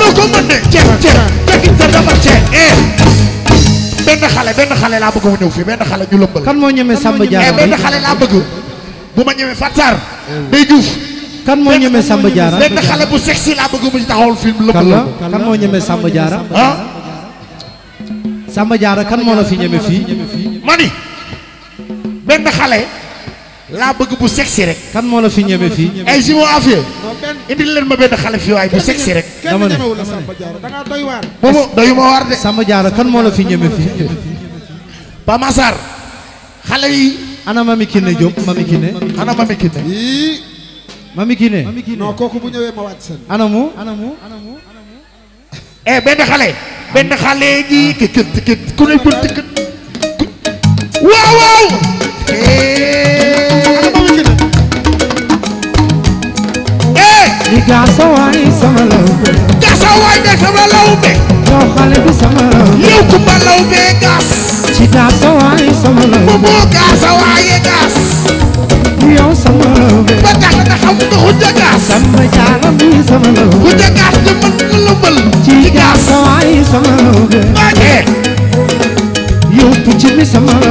Speaker 2: noo ko mën de jeex jeex xale laa bëgg mu ñëw fii benn xale ñu lëmbal. kan moo ñeme Samba Diarra benn xale laa bu ma ñeme Fatar eh. day Diouf. kan moo Samba Diarra benn xale bu sexy laa bëgg mu la kan moo ñeme Samba Diarra ah. Samba Diarra kan moo la fi ñeme fii. ma benn xale. laa bëgg bu sexy rek. kan moo la fi ñeme fii. ay eh, jumeaux affaire. indil leen ma benn xale fii waaye bu sexy rek. dama ne
Speaker 3: dama ne.
Speaker 2: boobu doyuma de. Samba Diarra kan moo la fi ñeme fii. Pa Massar xale yi. ana Mami Kiné Diop Mami Kiné. ana Mami Kiné. yii. Mami ma wàcc seen. ana mu ana mu. eh benn xale. benn xale gi kë kë kë ku ne bënt kë. waaw waaw. ana eh, Mami Kiné.
Speaker 1: eh. di gaasawaay sama lawbe. gaasawaay de sama lawbe. yow xale bi sama lawbe. yow kumba lawbe gaas. si gaas sa waay sama la bu boo gaas sa waaye gaas yow sama la ba tax nga xam nga xujja gaas dama jaara bi sama la xujja gaas di mën nga lëmbal ci gaas sa waay sama la maajee yow picc mi sama la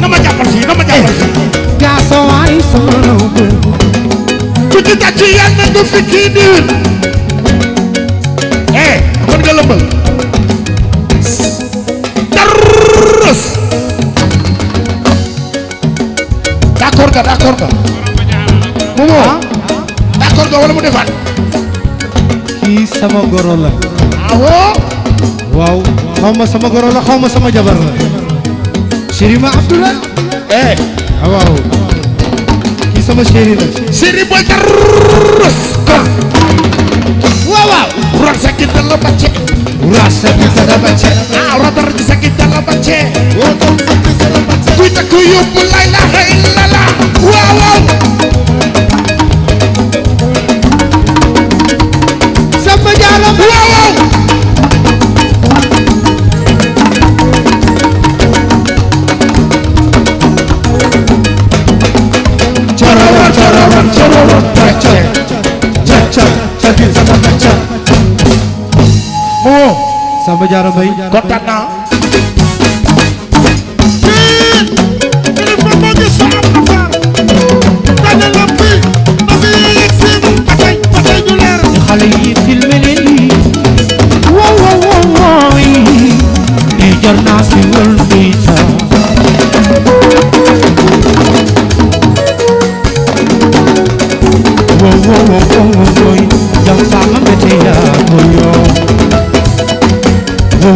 Speaker 1: na ma jàppal si na ma jàppal si gaas sa waay sama la ku ci tàcc yàlla nga fikki diwin
Speaker 3: eh mën nga lëmbal nga d'accord nga. Momo ah. d'accord nga wala mu defaat.
Speaker 2: kii sama goro la. Ah waaw. waaw xaw ma sama goro la xaw ma sama jabar la. Chérima Abdoulaye. eh ah, waaw. kii sama chéri la. chéri booy tarros. waaw waaw ron sa
Speaker 1: ginnaaw la bàcce ron sa ginnaaw la bàcce ah rotar sa ginnaaw la bàcce rotar sa ginnaaw la bàcce kuy takk yóbbu la ilaha illallah waaw waaw sama jaalam waaw waaw choro choro choro choro
Speaker 2: Samba Diarra Mbaye kontaan naa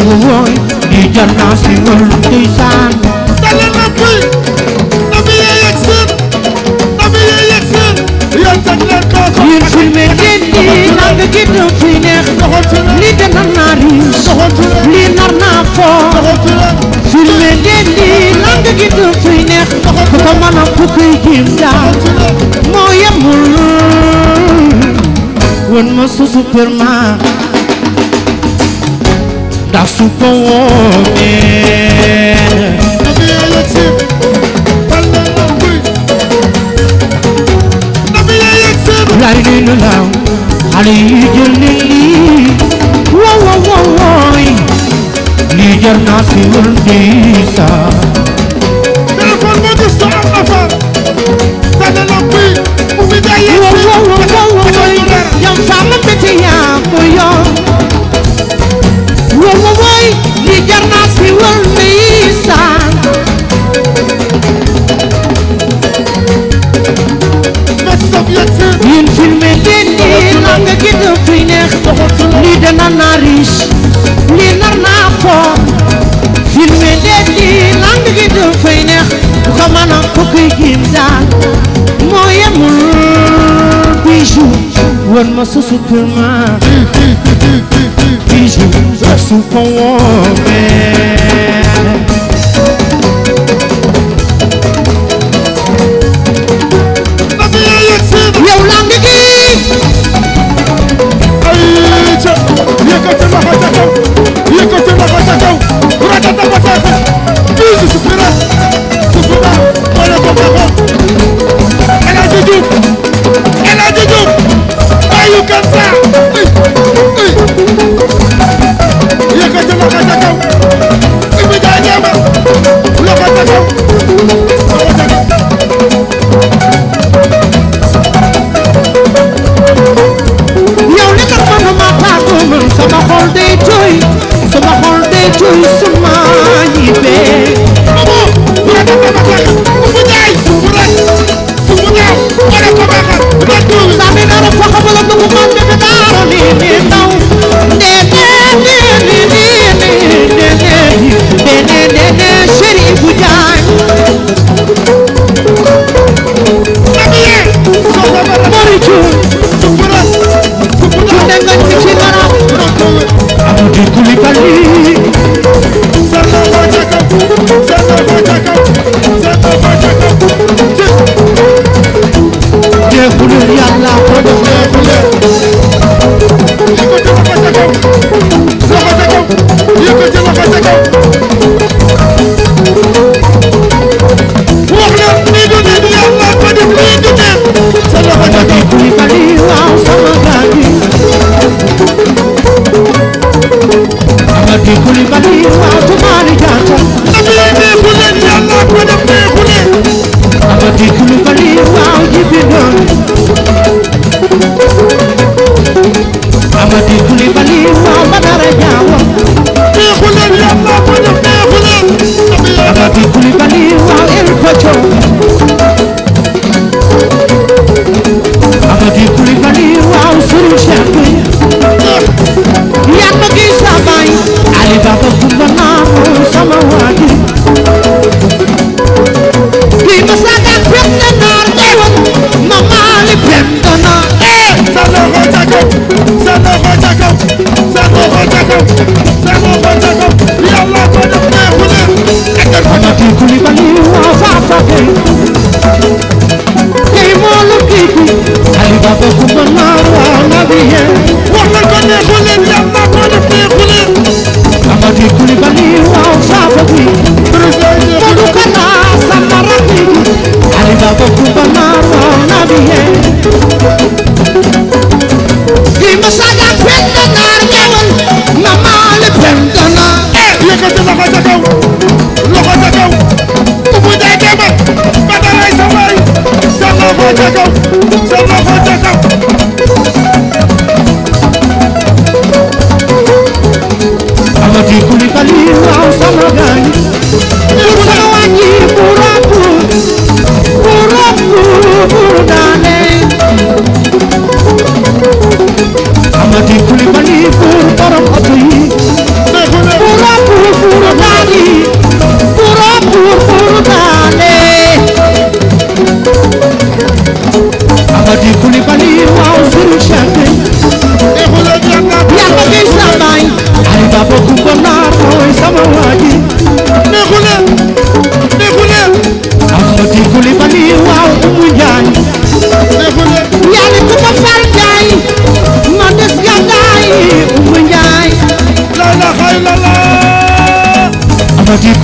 Speaker 1: wooy di jar naa si wër ndeysaan dale na kuy nabi yee yegg seen nabi yee yegg seen yoon tag leen koo ko yéen fi me nit ñi nang gi dem fi neex lii dana naa riis lii nar naa foo filme leen di lang gi du fi neex ku ko mën a ku koy jéem daal moo yemul woon ma su superman dasu ko woon nee lay ni nu law xale yi jël ne lii wow wow lii jar na si binta moo yemul bijou wan ma sa sutur ma bijou sa su ko woomee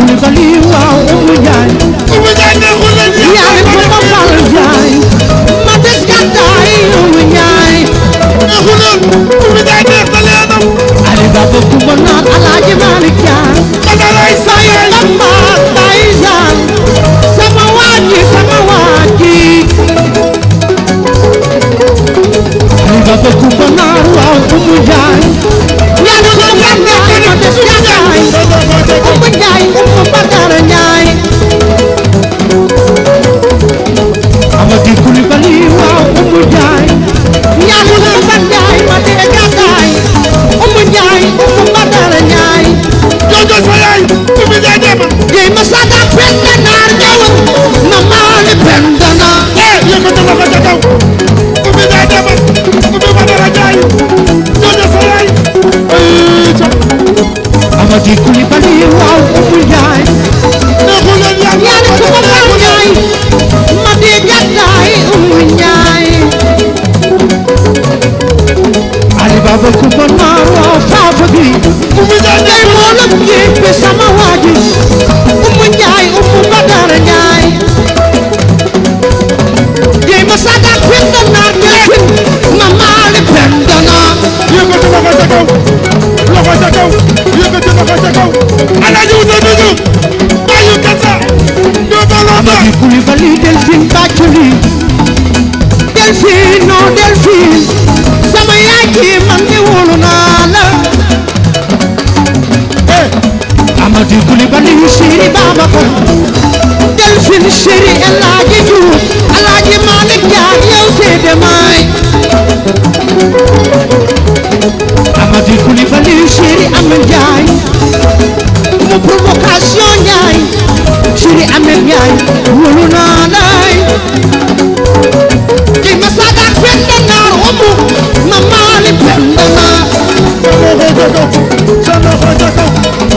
Speaker 1: li bali waaw Oumou Ndiaye. Oumou Ndiaye neexul la ñu. yaay ma ma fal Ndiaye. ma des gàttaay Oumou Ndiaye. neexul la Oumou Ndiaye neex na leen am. Aliou Baba Kumba naa. di tàmbali delfin bàcculi delfin non delfin sama yaay ji man de wóolu naa la eh, Amadi Kulibali Siri Babacar delfin Siri El Hadji Diouf El Hadji Malick Ndiaye yow seede maay Amadi Kulibali Siri Amin Ndiaye Ahmed Ndiaye wóolu naa lay ki ma sagar penda naar homu ma maali penda naar sama xojoko sama xojoko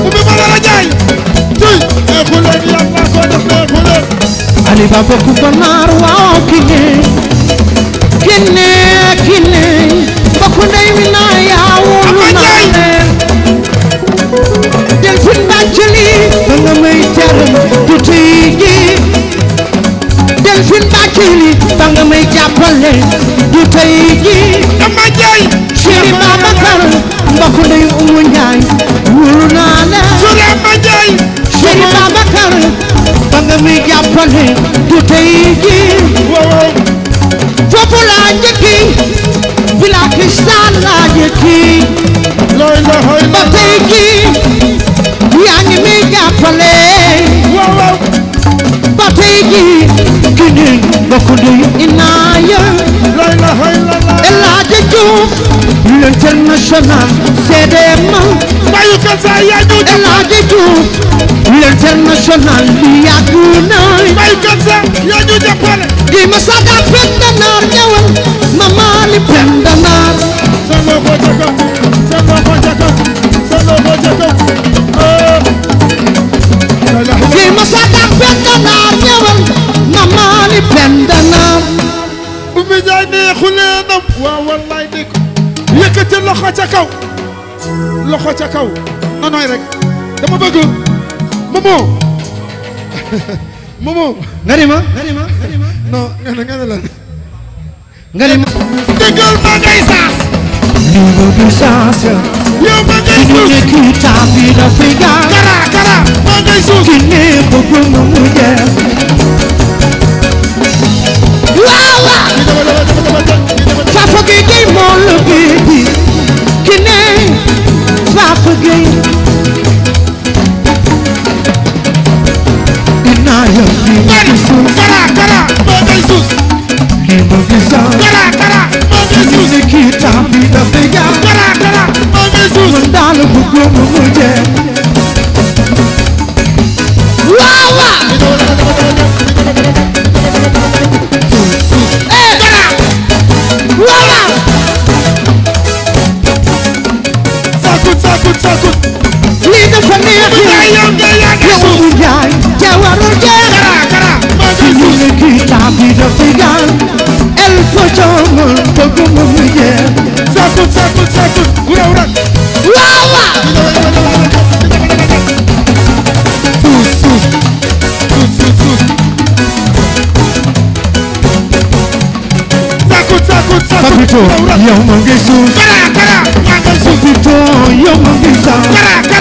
Speaker 1: ubi balala jaay tuy eexuleen yàlla ko def eexuleen ali baba kumba naar waaw kine kine kine bakku ndey mi naa yaa wóolu naa leen del fi ndaajali danga may teral cili ba nga may jàppale du tey jii dama jay cili Babacar mbokk ndeyu umu njaay wóolu naa la sura ma jay cili Babacar ba nga may jàppale du tey jii foofu laa njëkki bila cristal laa njëkki ba tey jii yaa ngi may jàppale nga ko nuyu. inaaya. Elhadji Diouf. l'international. CDM. mayu ko saa yaa ñu. Elhadji Diouf. l'international. li yàgg naay. mayu ko saa yaa ñu jàppale. di ma saga pendanaar ñëwal. ma maali pendanaar. sama ko jëkkër.
Speaker 3: xuleenam waaw wallaay dégg yëkkati loxo ca kaw loxo ca kaw na nooy rek dama bëgg momo
Speaker 1: [laughs] momo nga ni ma nga ni ma nga ni ma non nga ne nga ne lan nga ni ma déggal ki ne bëgg mu mu waaw Papa Gueye Gueye moo la bébé ki ne Papa Gueye dinaa yàgg ni ma ngi suuf kara kara moo ngay mu jeex Papito, yow ma ngi suus. Papito, yow ma ngi suus.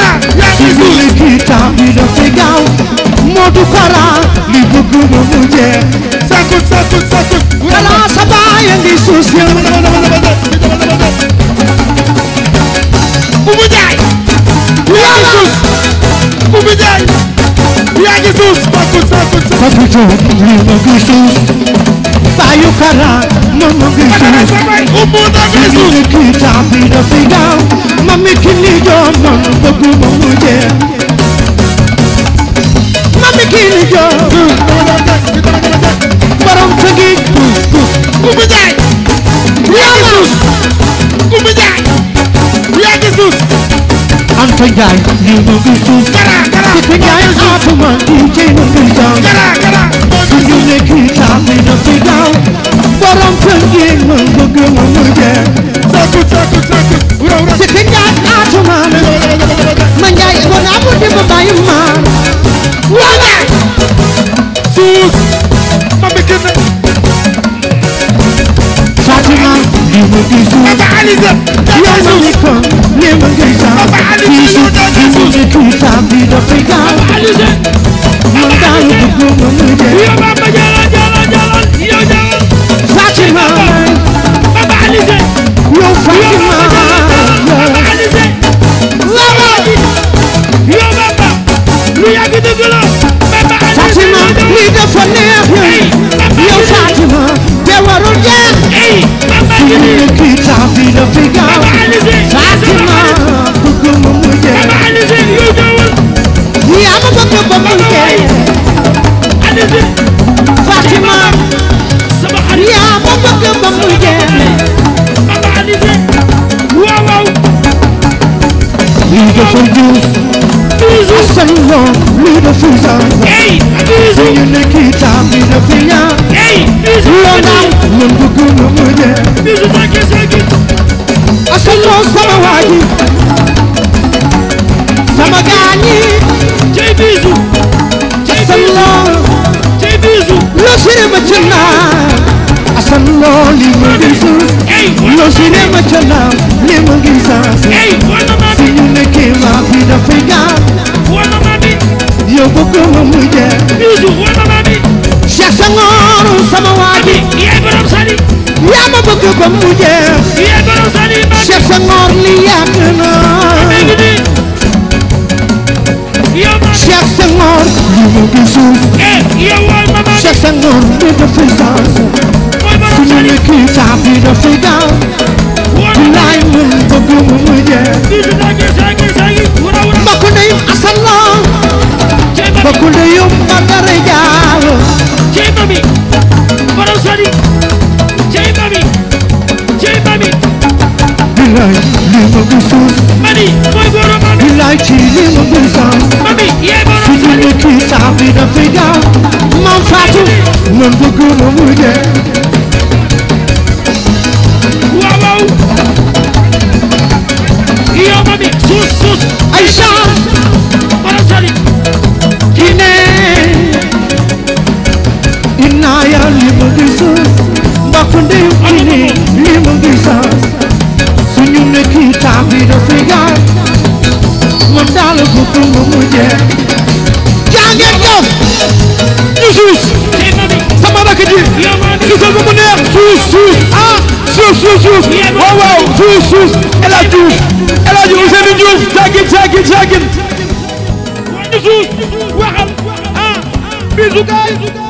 Speaker 1: Sisulu guitar bi dafay gaaw Modou Fara li bëgg ma mu jeex sakut sakut sakut wala sa baay a ngi suus ya Bubu Njaay yaa ngi suus Bubu Njaay yaa ngi suus sakut sakut sakut li ma ngi suus Bayu Kara ma ma ngi suus Sisulu guitar bi dafay gaaw ma miki li joon man bëgguma mu jeex ma miki li joon borom sa gi kumbi jaay yaa gi sus kumbi jaay yaa gi sus anta jaay li ma gi sus kara kara si jaay aatu ma di ci ma gi jaay kara kara su ñu nekki saa mi na fi daaw borom sa gi man bëgguma mu jeex sakut sakut sakut sikki njaay atuma ma njaay kon abu dib bayu ma wala suus ma bikin Fatima dima gisu Baba Aliza ya ma nikon nema gisa Baba Aliza yona gisu Gisu kuta bida fika Baba Aliza Mandayo bukunga muje Ya baba jalan jalan jalan Ya jalan Fatima Baba Aliza Yo Fatima lu yàgg dëgg la Fatima lii dafa neex yow Fatima te warul jeex fii ne kii taa fii la fi gaaw Fatima bëgg ma mu jeex yaa ma bëgg ba mu jeex Fatima yaa ma bëgg ba mu jeex lii dafa juuf sanyo minafisa siyene kita minafia lona nandugunu muje asanyo sama waji sama gani jebizu asanyo jebizu lo sine machana asanyo limu gizu lo sine machana limu gizu doomam muy jeex. bisu woo na maa mi. Cheikh Senghor sama waa ji. yaay borom Salim. yaa ma bëgg ba mu jeex. yaay borom Salim. Cheikh Senghor li yàgg na. Cheikh Senghor. li mu ngi suuf. yow woo na maa mi. Cheikh Senghor li dafay sens. mooy borom Salim suñu kii saa bi dafay gaaw. woo na laay mun bëgg mu muy jeex. bisu daa ngi saa ngi saa ngi. wala wala mbokk ndeyum asal la. bokkul de yum ma dara jaal cey mami borom sadi cey mami cey mami bilaay li ma busuus mami mooy borom mami bilaay ci li ma busuus mami yee borom sadi su mami suus suus ay chance tunde yu ini lima bisa senyumnya kita beda segar mandala kutu memuja jangan kau Yesus sama anak kecil susul memudah sus sus
Speaker 3: ah sus sus sus wow wow sus sus elah jus elah jus usia di jus jagin jagin jagin Yesus waxal ah, ah. bisu